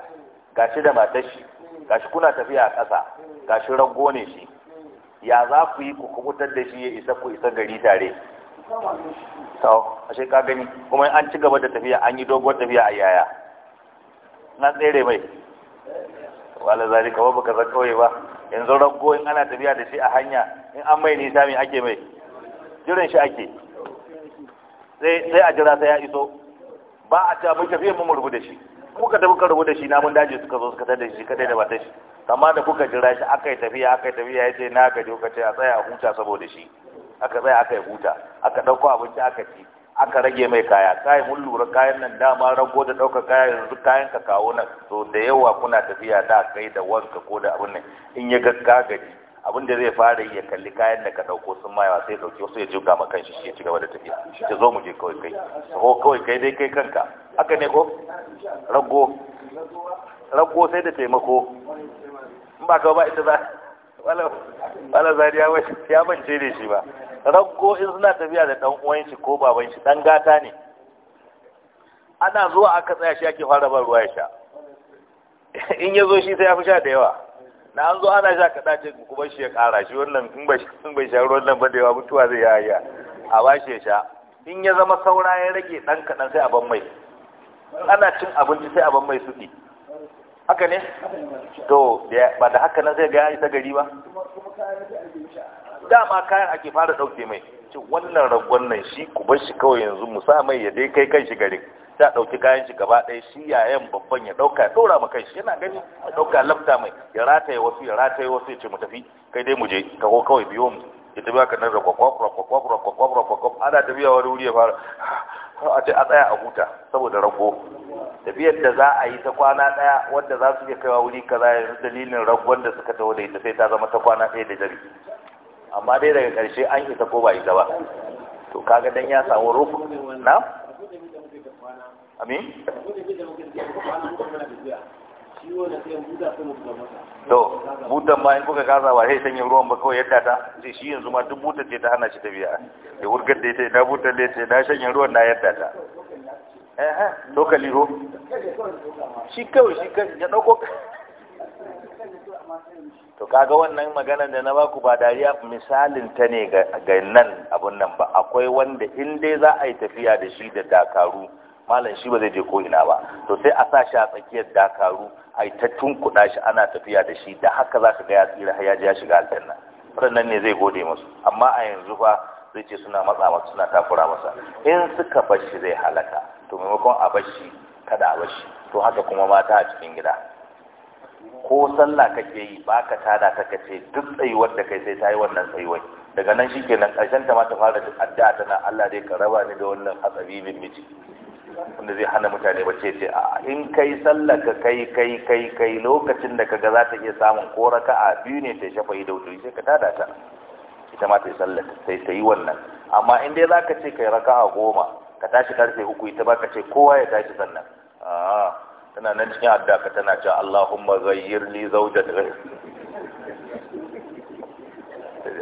Ga shi da matar shi shi kuna tafiya a ƙasa Ga shi rago ne shi ya za ku yi ku kubutar da shi ya isa ku isa gari tare sau ashe ka gani kuma an ci gaba da tafiya an yi doguwar tafiya a yaya na tsere mai wala zari kawai baka san kawai ba yanzu rago in ana tafiya da shi a hanya in an mai nisa mai ake mai jiran shi ake sai a jira sai ya iso ba a ta mun tafiya mun rubu da shi kuka tafi ka rubu da shi namun daji suka zo suka tada shi kadai da ba ta shi amma da kuka jira shi aka yi tafiya aka yi tafiya ya ce na gaji kuka ce a tsaya a huta saboda shi aka tsaya aka yi huta aka ɗauko abinci aka ci aka rage mai kaya kai mun lura kayan nan dama rago da ɗaukar kaya yanzu kayan ka kawo nan to da yawa kuna tafiya da kai da wanka ko da abin nan in ya gaggaga ka abin da zai fara yi ya kalli kayan da ka dauko sun mayawa sai dauki wasu ya juga gama kanshi shi ya ci gaba da tafiya shi zo mu je kawai kai ko kawai kai dai kai kanka haka ne ko rago rago sai da taimako in ba ka ba ita za wala zariya wai ya bance ne shi ba rago in suna tafiya da dan uwan shi ko baban shi dan gata ne ana zuwa aka tsaya shi ake fara ban ruwa ya sha in ya zo shi sai ya fi sha da yawa na an zo ana sha kaɗa ce ku bar shi ya ƙara shi wannan in bai sha ruwan nan ba da yawa mutuwa zai ya ya a ba shi ya sha in ya zama saura ya rage ɗan kaɗan sai a ban mai ana cin abinci sai a ban mai suɗi haka ne to ba da haka nan zai ga isa gari ba dama kayan ake fara ɗauke mai Cin wannan ragon nan shi ku bar shi kawai yanzu mu sa mai ya dai kai kan shi garin sai ɗauki kayan shi gaba ɗaya shi yayan babban ya ɗauka ya ɗora maka shi yana gani ya ɗauka lafta mai ya rataye wasu ya rataye wasu ya ce mu tafi kai dai mu je ka ko kawai biyo mu ya tafi haka nan rakwakwaf rakwakwaf rakwakwaf rakwakwaf ana tafiya wani wuri ya fara ah, a ce a tsaya a huta saboda rago tafiyar da za a yi ta kwana ɗaya wadda za su iya kaiwa wuri kaza yanzu dalilin ragon da suka taho da ita sai ta zama ta kwana ɗaya da dare amma dai daga ƙarshe an isa ko ba isa ba to kaga dan ya samu rufu na amin to butan bayan kuka kasa ba sai sanya ruwan ba kawai yadda ta sai shi yanzu ma duk buta ce ta hana shi tafiya ya wurgar da ita na buta da ita na sanya ruwan na yadda ta eh, eh to kaliro shi kawai shi kan ya dauko to kaga wannan maganar da na baku ba dariya misalin ta ne ga nan abun nan ba akwai wanda in dai za a yi tafiya da shi da dakaru malam shi ba zai je ko ina ba to sai a sa shi a tsakiyar dakaru a ta tunkuɗa shi ana tafiya da shi da haka za ka ga ya tsira har ya je ya shiga aljanna waɗannan ne zai gode musu amma a yanzu fa zai ce suna matsa masa suna takura masa in suka bar shi zai halaka to maimakon a bar kada a bar to haka kuma mata a cikin gida ko sallah kake yi ba ka tada ta kace duk tsayuwar da kai sai ta yi wannan tsayuwar daga nan shi kenan karshen ta ma ta fara addu'a tana Allah dai ka raba ni da wannan hatsari min miji wanda zai hana mutane bace ce a in kai sallaka ka kai kai kai kai lokacin da kaga za ta iya samun ko raka'a biyu ne ta shafa yi da sai ka tada ta ita ma ta yi sallar sai ta yi wannan amma in dai zaka ce kai raka'a goma ka tashi karfe uku ita ba ka ce kowa ya tashi sannan a tana nan cikin adda ka tana cewa Allahumma ghayyir li zawjan ghayr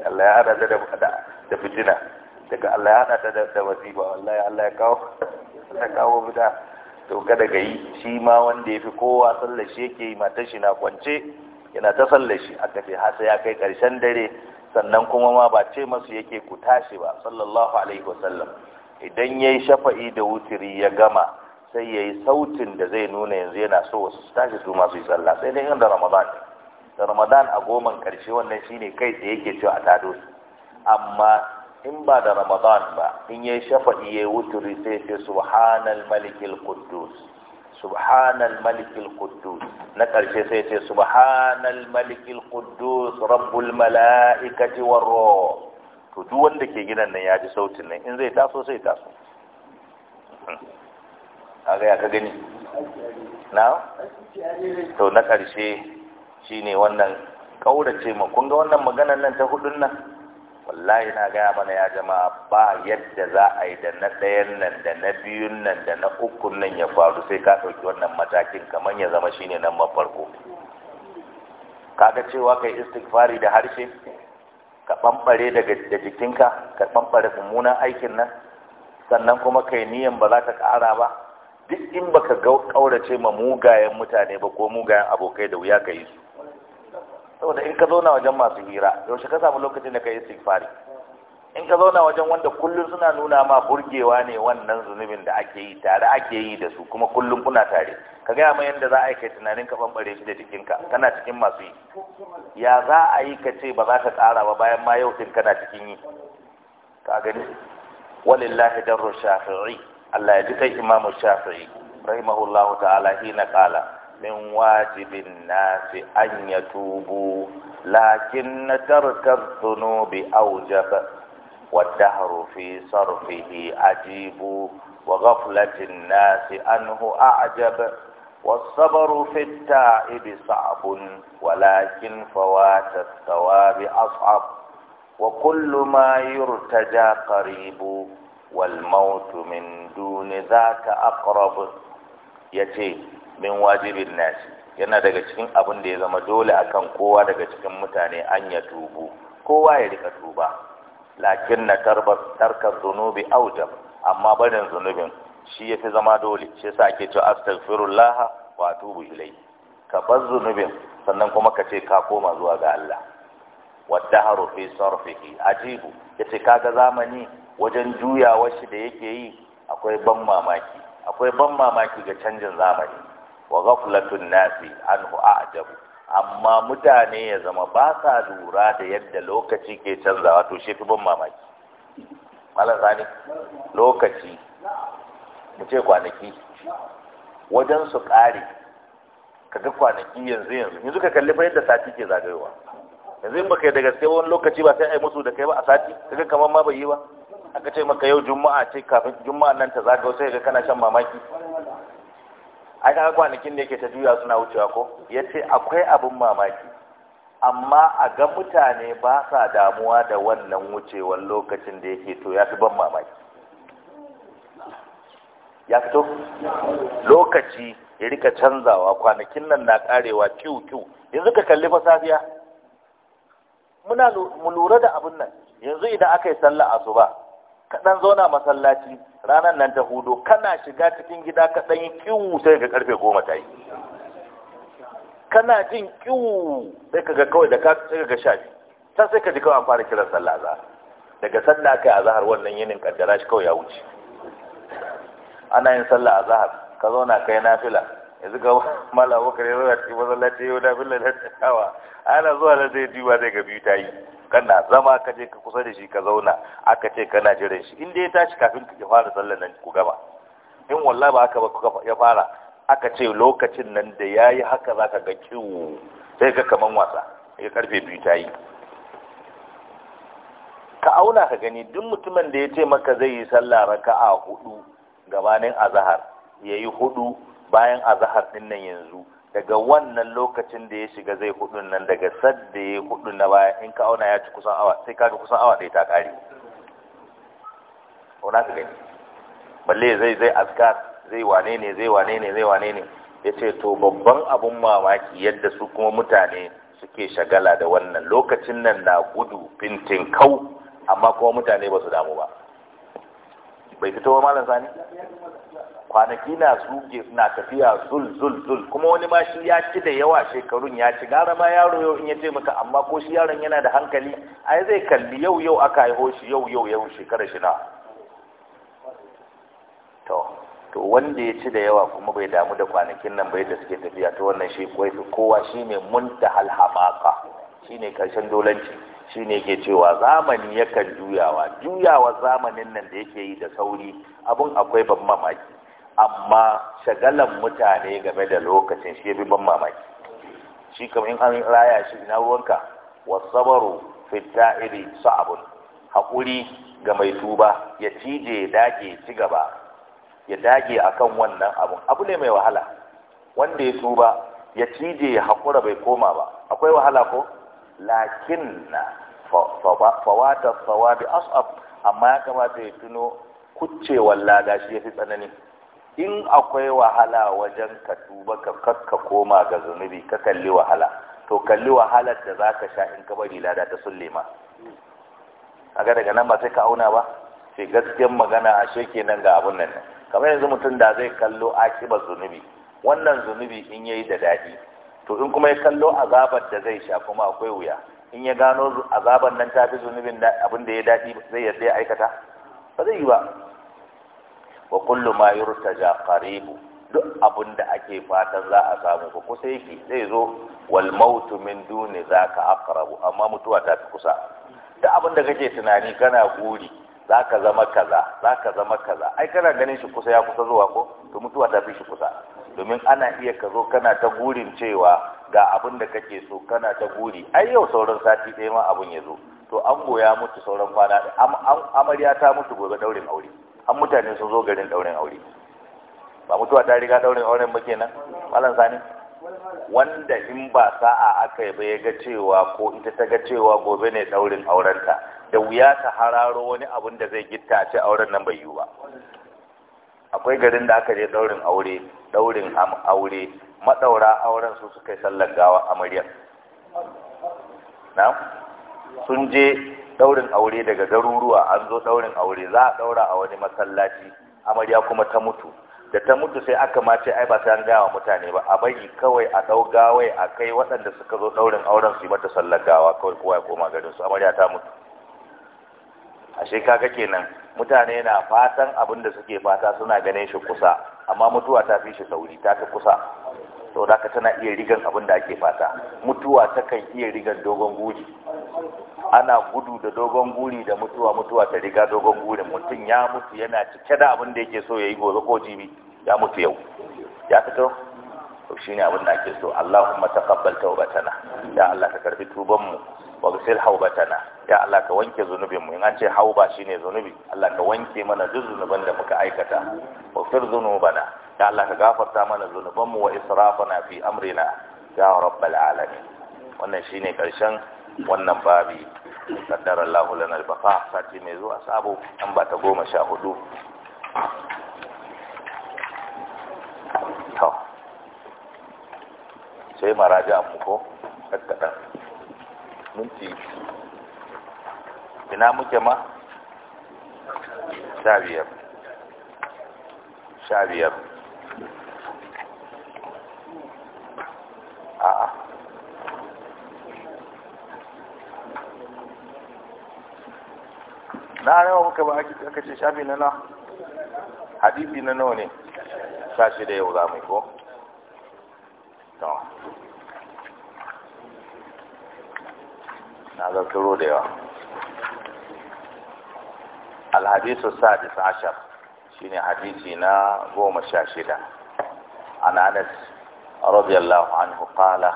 Allah ya hada da da fitina daga Allah ya hada da da wasiba wallahi Allah ya kawo ta kawo bida to kada ga yi shi ma wanda ya fi kowa sallashi yake yi matar shi na kwance yana ta sallashi a ce hasa ya kai karshen dare sannan kuma ma ba ce masu yake ku tashi ba sallallahu alaihi wasallam idan ya yi shafa'i da wutiri ya gama sai ya yi sautin da zai nuna yanzu yana so wasu su tashi su masu yi sallah sai dai inda ramadan da ramadan a goman karshe wannan shine kai da yake cewa a tado amma in ba da ramadan ba in yayi shafa'i yayi wuturi sai ce subhanal malikil quddus subhanal malikil quddus na karshe sai ce subhanal malikil quddus rabbul malaikati war to duk wanda ke gidan nan ya ji sautin nan in zai taso sai taso hmm. A ga ya ka gani na to na karshe shine wannan kaurace ma kun ga wannan maganar nan ta hudun nan wallahi na gaya mana ya jama'a ba yadda za a yi da na ɗayan nan da na biyun nan da na ukun nan ya faru sai ka ɗauki wannan matakin kamar ya zama shine nan mafarko kaga cewa kai istighfari da harshe ka ɓamɓare daga jikinka ka ɓamɓare mummunan aikin nan sannan kuma kai niyan ba za ka ƙara ba duk in baka ƙaurace ma mugayen mutane ba ko mugayen abokai da wuya ka yi su saboda in ka zauna wajen masu hira yaushe ka samu lokacin da ka yi sifari in ka zauna wajen wanda kullum suna nuna ma burgewa ne wannan zunubin da ake yi tare ake yi da su kuma kullum kuna tare ka gaya mai yadda za a yi kai tunanin ka bambare shi da jikinka kana cikin masu yi ya za a yi ka ce ba za ka tsara ba bayan ma yau din kana cikin yi ka gani walillahi darru shafi'i Allah ya ji kai imamu shafi'i rahimahullahu ta'ala hina qala من واجب الناس أن يتوبوا لكن ترك الذنوب أوجب والدهر في صرفه عجيب وغفلة الناس عنه أعجب والصبر في التائب صعب ولكن فوات الثواب أصعب وكل ما يرتجى قريب والموت من دون ذاك أقرب يتيه min wajibin nasi yana daga cikin abin da ya zama dole akan kowa daga cikin mutane an ya tubu kowa ya rika tuba lakin na tarkar zunubi aujab amma barin zunubin shi ya fi zama dole shi sa ake cewa astaghfirullah wa tubu ilai ka bar zunubin sannan kuma ka ce ka koma zuwa ga Allah waddaharu fi sarfihi ajibu yace kaga zamani wajen juyawar shi da yake yi akwai ban mamaki akwai ban mamaki ga canjin zamani wa ghaflatun nasi anhu a'jabu amma mutane ya zama ba sa lura da yadda lokaci ke canzawa to shi fi ban mamaki malar Sani, lokaci mu ce kwanaki wajen su ƙare ka ga kwanaki yanzu yanzu yanzu ka kalli fa yadda sati ke zagayowa yanzu in baka yi da gaske wani lokaci ba sai a yi musu da kai ba a sati kaga kamar ma bai yi ba aka ce maka yau juma'a ce kafin juma'a nan ta zagayo sai ka kana shan mamaki ai kaga kwanakin da yake ta juya suna wucewa ko yace akwai abin mamaki amma a ga mutane ba sa damuwa da wannan wucewar lokacin da yake to ya fi ban mamaki ya fito lokaci ya rika canzawa kwanakin nan na karewa kyau kyau. yanzu ka kalli fa safiya muna mu lura da abin nan yanzu idan aka yi sallah asuba ka dan zauna masallaci ranar nan ta hudu kana shiga cikin gida ka dan yi kiwu sai ka karfe goma ta yi kana jin kiwu sai ka ga kawai da ka sai ka ga sha ta sai ka ji kawai an fara kiran sallah za daga sallah kai a zahar wannan yinin kaddara shi kawai ya wuce ana yin sallah a zahar ka zauna kai nafila yanzu ga malam cikin ya zauna cikin masallaci yau da bin lalatawa ana zuwa na zai duba zai ga biyu ta yi kana zama ka je ka kusa da shi ka zauna aka ce kana jiran shi inda ya tashi kafin ka fara sallar nan ku gaba in wallahi ba haka ba ya fara aka ce lokacin nan da ya yi haka za ka ga kiwo sai ka kaman wasa ya karfe biyu ta yi ka auna ka gani duk mutumin da ya ce maka zai yi sallah raka'a hudu gabanin azahar ya yi hudu bayan azahar din nan yanzu daga wannan lokacin da ya shiga zai hudun nan daga sadda ya hudun na baya in ka auna ya ci kusan awa sai kaga kusan awa ɗaya ta ƙare ona ka gani balle zai zai askar zai wane ne zai wane ne zai wane ne ya ce to babban abun mamaki yadda su kuma mutane suke shagala da wannan lokacin nan na gudu fintin kau amma kuma mutane ba su damu ba bai fito ba malam sani kwanaki na suge na tafiya zul zul zul kuma wani ma shi ya ci da yawa shekarun ya ci gara ma yaro yau in ya ce maka amma ko shi yaron yana da hankali ai zai kalli yau yau aka haiho shi yau yau yau shekara shi na to to wanda ya ci da yawa kuma bai damu da kwanakin nan bai da suke tafiya to wannan shi kowa shi ne halhamaka shi shine karshen dolanci shi ne ke cewa zamani yakan juyawa juyawa zamanin nan da yake yi da sauri abun akwai ban mamaki amma shagalan mutane game da lokacin shi yabi ban mamaki shi kam in an raya shi ina ruwanka wasabaru fi ta'iri sa'abun haƙuri ga mai tuba ya cije ya dage ci gaba ya dage akan wannan abun abu ne mai wahala wanda ya tuba ya cije ya haƙura bai koma ba akwai wahala ko Lakin na fawata da as'ab amma ya kamata ya tuno kuccewar lada shi ya fi tsanani in akwai wahala wajen ka tuba ka kakka koma ga zunubi ka kalli wahala to kalli wahalar da za ka sha in ka bari lada ta sulle ma ga daga nan ba sai ka auna ba sai gaskiyar magana ashe nan ga abun nan kamar yanzu mutum da zai kallo akibar zunubi wannan zunubi in yayi da daɗi to in kuma ya kallo azabar da zai sha kuma akwai wuya in ya gano azabar nan ta fi zunubin abin da ya dadi zai yarda ya aikata ba zai yi ba wa kullu ma yurtaja qaribu duk abin da ake fatan za a samu ba kusa yake zai zo wal mautu min duni zaka aqrabu amma mutuwa ta fi kusa duk abin da kake tunani kana guri zaka zama kaza zaka zama kaza ai kana ganin shi kusa ya kusa zuwa ko to mutuwa ta fi shi kusa domin ana iya ka zo kana ta gurin cewa ga abin da kake so kana ta guri ai yau sauran sati ɗaya ma abin ya zo to an goya mutu sauran kwana amarya ta mutu gobe daurin aure an mutane sun zo garin daurin aure ba mutuwa ta riga daurin auren ba kenan malam sani wanda in ba sa'a aka yi ba ya ga cewa ko ita ta ga cewa gobe ne daurin aurenta da wuya ta hararo wani abun da zai gitta ce auren nan bai yiwu ba akwai garin da aka je daurin aure daurin aure madaura auren su suka yi sallar gawa maryam na'am sun je daurin aure daga garuruwa an zo daurin aure za a daura a wani masallaci amarya kuma ta mutu da ta mutu sai aka mace ai ba sai an gaya mutane ba a bari kawai a dau gawai a kai waɗanda suka zo daurin auren su yi mata sallar gawa kawai kowa ya koma garin su amarya ta mutu ashe kaga kenan mutane na fatan abin da suke fata suna ganin shi kusa amma mutuwa ta fi shi sauri ta fi kusa sau da ka tana iya rigan abin da ake fata mutuwa ta kan iya rigan dogon guri ana gudu da dogon guri da mutuwa mutuwa ta riga dogon guri mutum ya mutu yana cike da abin da yake so ya yi gobe ko jibi ya mutu yau ya fito to shine abin da ake so Allahumma taqabbal tawbatana ya Allah ka karbi tubanmu. waghfir haubatana ya Allah ka wanke zunubinmu? mu in an ce hauba shine zunubi Allah ka wanke mana duk zunuban da muka aikata waghfir zunubana ya Allah ka gafarta mana zunubanmu mu wa israfana fi amrina ya rabbal alamin wannan shine karshen wannan babi qaddara Allahu lana al-baqa sati mai zuwa sabo an ba ta 14 sai maraja mu ko kakkadan mun ce ina muke ma sha biyar sha biyar a'a na rawa muka ba aka ce shafi na na hadisi na nawa ne sha da yau za mu yi ko? na zartaro da yawa alhadisu sadis ashar shine hadisi na goma sha shida an anas radiyallahu anhu qala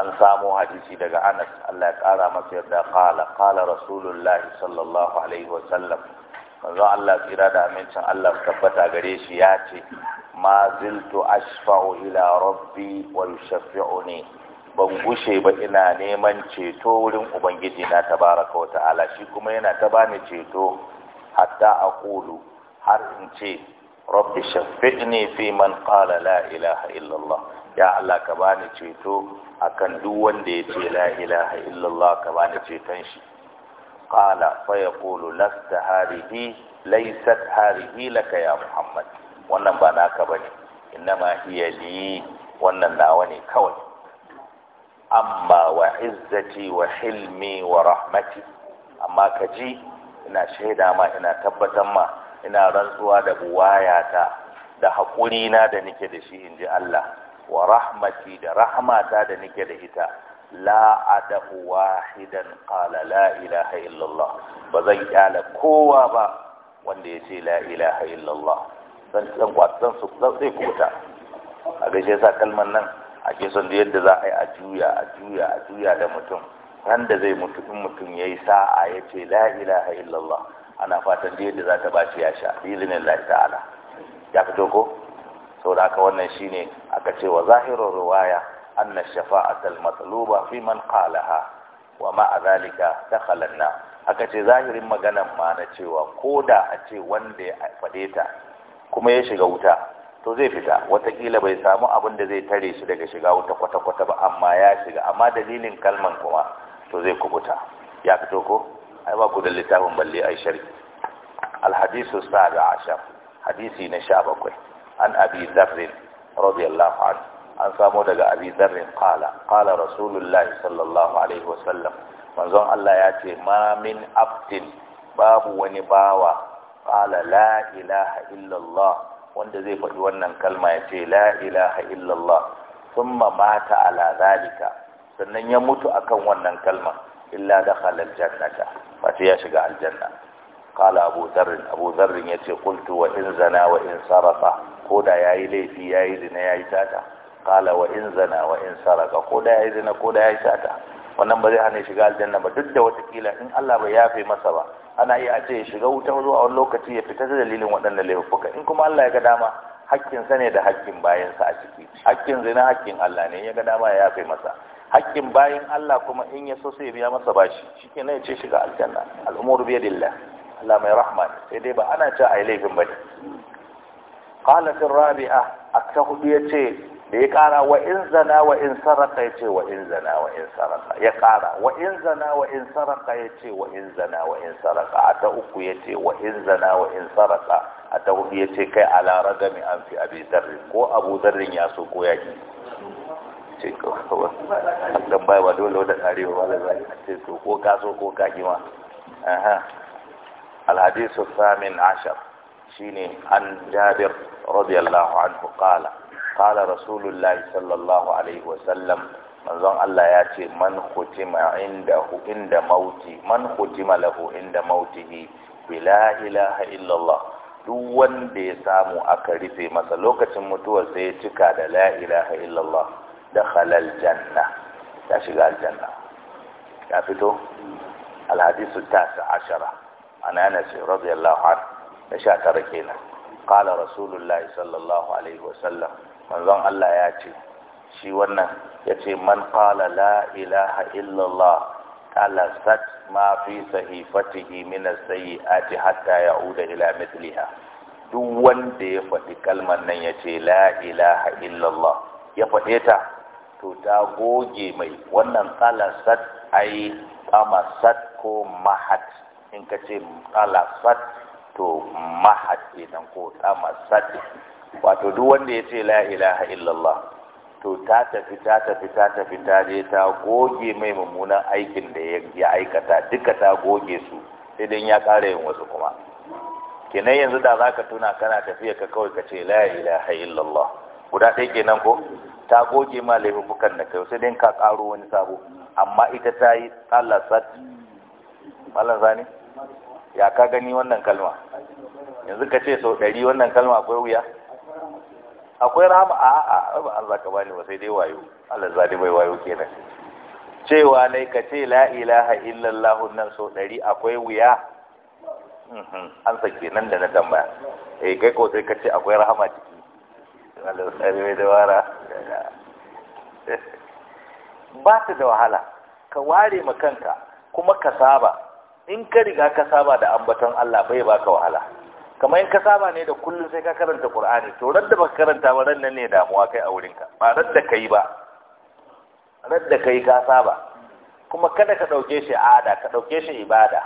an samu hadisi daga anas Allah ya kara masa yadda qala Kala rasulullah sallallahu alaihi wa sallam Allah tsira da amincin Allah tabbata gare shi ya ce ma ziltu ashfa'u ila rabbi wa yushaffi'uni ban gushe ba ina neman ceto wurin ubangiji na tabaraka wata'ala shi kuma yana ta bani ceto hatta Kulu, har in ce rabbi shafi'ni fi man qala la ilaha illallah ya Allah ka bani ceto akan duk wanda ya ce la ilaha illallah ka bani ceton shi qala fa yaqulu lasta hadihi laysat hadihi laka ya muhammad wannan ba naka bane ma hiya li wannan nawa ne kawai amma wa izzati wa hilmi wa rahmati amma ka ji ina shaida ma ina tabbatar ma ina rantsuwa da buwayata da haƙuri na da nake da shi inji Allah wa rahmati da rahmata da nike da ita la adahu wahidan qala la ilaha illallah ba zan kyala kowa ba wanda ya ce la ilaha illallah zan kwatsan su zan tsaye kuta a gaishe sa kalman nan A son duk yadda za a yi a juya a juya a juya da mutum ran da zai mutu in mutum ya yi sa'a ya ce la ilaha illallah ana fatan duk yadda za ta ba ya sha izinin lai ta'ala ya fito ko sau da aka wannan shine aka ce wa zahirar ruwaya an na shafa'atul matsaluba fi man qalaha wa ma'azalika, zalika ta na aka ce zahirin maganan ma na cewa ko da a ce wanda ya faɗe ta kuma ya shiga wuta to zai fita watakila bai samu abin da zai tare su daga shiga wuta kwata-kwata ba amma ya shiga amma dalilin kalman kuma to zai kubuta ya fito ko ai ba ku da littafin balle ai shari alhadisu Sada ashar hadisi na sha bakwai an abi zarrin radiyallahu anhu an samu daga abi zarrin qala qala rasulullahi sallallahu alaihi wasallam manzon Allah ya ce ma min abdin babu wani bawa qala la ilaha illallah wanda zai faɗi wannan kalma ya ce la ilaha illallah sun mamata ala zalika sannan ya mutu akan wannan kalma illa da dakhala jannata wato ya shiga aljanna Kala abu dharr abu dharr yace qultu wa in zana wa in sarrafa ko da ya yi laifi ya yi zina ya yi tata kala wa in zana wa in sarrafa ko da ya yi zina ko da ya yi tata wannan ba zai hana shiga aljanna ba duk da watakila in Allah bai yafe masa ba ana iya a ce ya shiga wuta zuwa wani lokaci ya fita da dalilin waɗannan laifuka in kuma Allah ya ga dama hakkin sa ne da hakkin bayansa a ciki hakkin zina hakkin Allah ne ya ga dama ya yafe masa hakkin bayan Allah kuma in ya so sai biya masa bashi shike nan ya ce shiga aljanna al'umuru bi yadillah Allah mai rahma sai dai ba ana ce ai laifin bane qala fi rabi'a akka hudu yace da ya kara wa in zana wa in saraka ya ce wa in zana wa in saraka ya kara wa in zana wa in saraka ya ce wa in zana wa in saraka a ta uku ya ce wa in zana wa in saraka a ta hudu ya ce kai ala ragami an fi abin zarrin ko abu zarrin ya so ko yaki ce ko dan bai wa dole da karewa wala zai ce to ko ka so ko ka kima aha الحديث الثامن عشر shine an جابر radiyallahu anhu عنه qala rasulullahi sallallahu alaihi wasallam manzon Allah ya ce man khutima indahu inda mauti man khutima lahu inda mautihi bila ilaha illallah duk wanda ya samu aka rufe masa lokacin mutuwar sai ya cika da la ilaha illallah da khalal janna ya shiga aljanna ya fito alhadisu tasa ashara ana yana ce radiyallahu anhu da sha tara kenan qala rasulullahi sallallahu alaihi wa sallam. manzon Allah ya ce shi wannan ya ce man qala la ilaha illallah kala sat ma fi sahifatihi min as-sayyi'ati hatta ya'uda ila mithliha duk wanda ya faɗi kalmar nan ya ce la ilaha illallah ya faɗe ta to ta goge mai wannan sat ai sat ko mahat in ka ce sat to mahat kenan ko qamasat wato duk wanda ya ce la ilaha illallah to ta tafi ta tafi ta tafi ta je ta goge mai mummunan aikin da ya aikata duka ta goge su sai dan ya kare yin wasu kuma kenan yanzu da zaka tuna kana tafiya ka kawai ka ce la ilaha illallah guda ɗaya kenan ko ta goge ma laifukan da kai sai dan ka karo wani sabo amma ita ta yi tsallasat malam zani ya ka gani wannan kalma yanzu ka ce sau ɗari wannan kalma akwai wuya akwai rahama a a ba Allah ka bani ba sai dai wayo Allah zali bai wayo kenan cewa ne ka ce la ilaha illallah nan so ɗari akwai wuya mhm, an sake nan da na tambaya eh kai ko sai ka ce akwai rahama ciki Allah zali bai dawara ba ta da wahala ka ware ma kanka kuma ka saba in ka riga ka saba da ambaton Allah bai baka wahala kamar in ka saba ne da kullum sai ka karanta qur'ani to ran da baka karanta ba ran nan ne damuwa kai a wurinka ba ran da kai ba ran da kai ka saba kuma kada ka dauke shi ada ka dauke shi ibada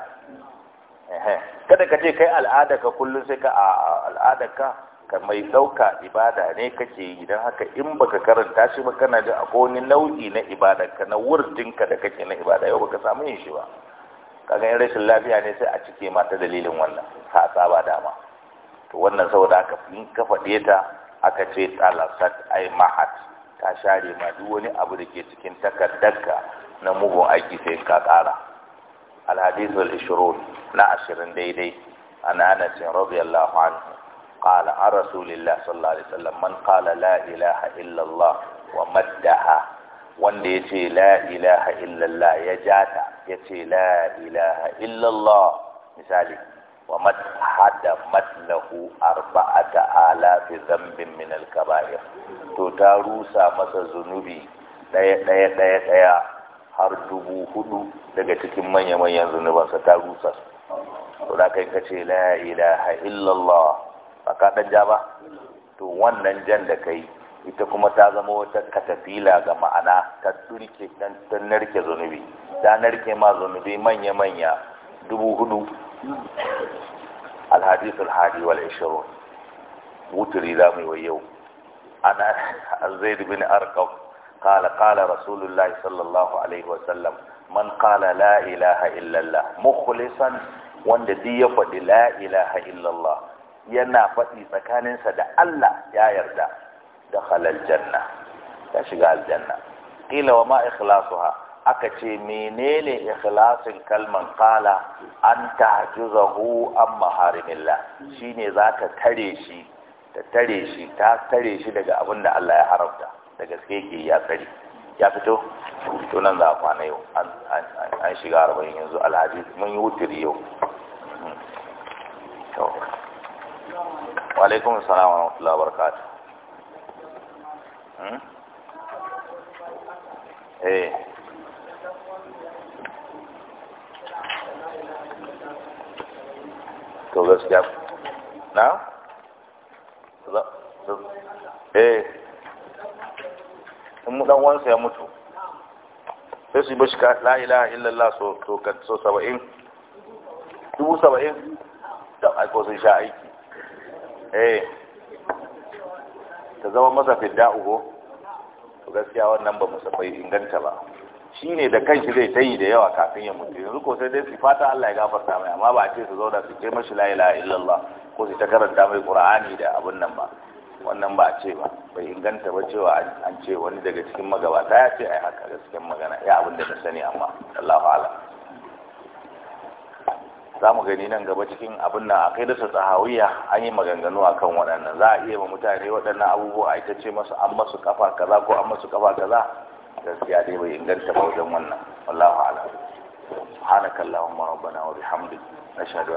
kada ka ce kai al'ada ka kullum sai ka a al'ada ka ka mai dauka ibada ne kake yi dan haka in baka karanta shi ba kana da akwai wani nau'i na ibada ka na ka da kake na ibada yau baka samu yin shi ba kaga in rashin lafiya ne sai a cike ma ta dalilin wannan ta tsaba dama to wannan saboda aka in ka faɗe ta aka ce talasat ai mahat ta share ma duk wani abu da ke cikin takardarka na mugun aiki sai ka ƙara alhadisu al-ishrun na ashirin daidai an anas radiyallahu anhu qala an الله صلى الله عليه man من la ilaha اله الا wa maddaha wanda ya ce la ilaha illallah ya ja ya ce la ilaha illallah misali wa mat matlahu arba'ata alafi zambin min al to ta rusa masa zunubi daya daya daya daya har dubu hudu daga cikin manya manyan zunubansa ta rusa to da kai kace la ilaha illallah ba ka ja ba to wannan jan da kai ita kuma ta zama wata katafila ga ma'ana ta turke ta narke zunubi ta narke ma zunubi manya-manya dubu hudu alhadisul hadi wal ishirun wuturi za mu yi wa yau ana zai zaid bin arqam qala 'Kala rasulullahi sallallahu alaihi wa sallam man qala la ilaha illallah mukhlisan wanda duk ya faɗi la ilaha illallah yana faɗi tsakaninsa da Allah ya yarda dakhala aljanna ta shiga aljanna qila wa ma ikhlasuha aka ce menene ikhlasin kalman qala an tahjuzahu an maharimillah shine zaka tare shi ta tare shi ta tare shi daga abinda Allah ya haramta da gaske yake ya tare ya fito to nan za a kwana yau an shiga arba'in yanzu alhaji mun yi wutiri yau wa alaikum assalam wa rahmatullahi wa barakatuh Hmm? eh eh mu dan wansa ya mutu sai su bashi ka la ilaha illallah so to ka so 70 dubu 70 da aiko sha aiki eh ta zama masa fidda'u ko gaskiya wannan ba musa bai inganta ba shi ne da kanshi zai ta yi da yawa kafin ya mutu yanzu ko sai dai su fata Allah ya gafarta mai amma ba a ce su zauna su ce mashi la ilaha illallah ko su ta karanta mai qur'ani da abun nan ba wannan ba a ce ba bai inganta ba cewa an ce wani daga cikin magabata ya ce ai haka gaskiyar magana ya abin da na sani amma Allahu a'lam za mu gani nan gaba cikin abin nan akai da tsahawiya an yi maganganu akan waɗannan za a iya ma mutane waɗannan abubuwa a ita ce masu an masu kafa kaza ko an masu kafa kaza gaskiya dai bai inganta ba wajen wannan wallahu a'lam rabbana wa ربنا وبحمدك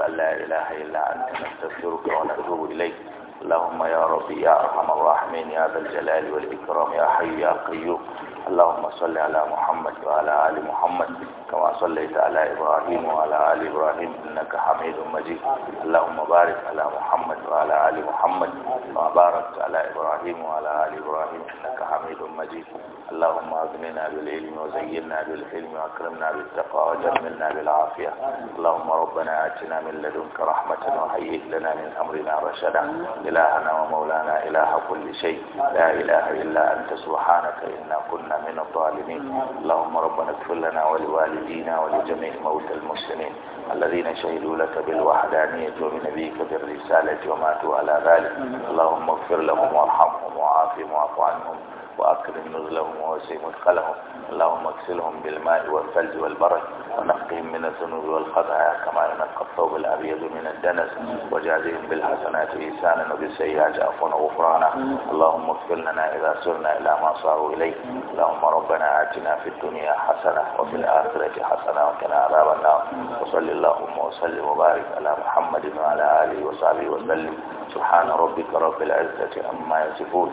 an la ilaha illa anta أنت wa ونتوب إليك اللهم يا ربي يا أرحم الراحمين يا ذا الجلال والإكرام يا حي يا قيوم اللهم صل على محمد وعلى آل محمد كما صليت على إبراهيم وعلى آل إبراهيم إنك حميد مجيد اللهم بارك على محمد وعلى آل محمد كما باركت على إبراهيم وعلى آل إبراهيم إنك حميد مجيد اللهم أغننا بالعلم وزينا بالحلم وأكرمنا بالتقوى وجملنا بالعافية اللهم ربنا آتنا من لدنك رحمة وهيئ لنا من أمرنا رشدا إلهنا ومولانا إله كل شيء لا إله إلا أنت سبحانك إنا كنا من الظالمين اللهم ربنا اغفر لنا ولوالدينا ولجميع موتى المسلمين الذين شهدوا لك بالوحدانية وبنبيك بالرسالة وماتوا على ذلك اللهم اغفر لهم وارحمهم وعافهم واعف عنهم وأكرم نزلهم ووسيم مدخلهم اللهم اغسلهم بالماء والثلج والبرد ونقهم من الذنوب والخطايا كما ينقى الثوب الأبيض من الدنس وجازهم بالحسنات إحسانا وبالسيئات عفوا وغفرانا اللهم اغفر لنا إذا سرنا إلى ما صاروا إليه اللهم ربنا آتنا في الدنيا حسنة وفي الآخرة حسنة وقنا عذاب النار وصلي اللهم وسلم وبارك على محمد وعلى آله وصحبه وسلم سبحان ربك رب العزة عما يصفون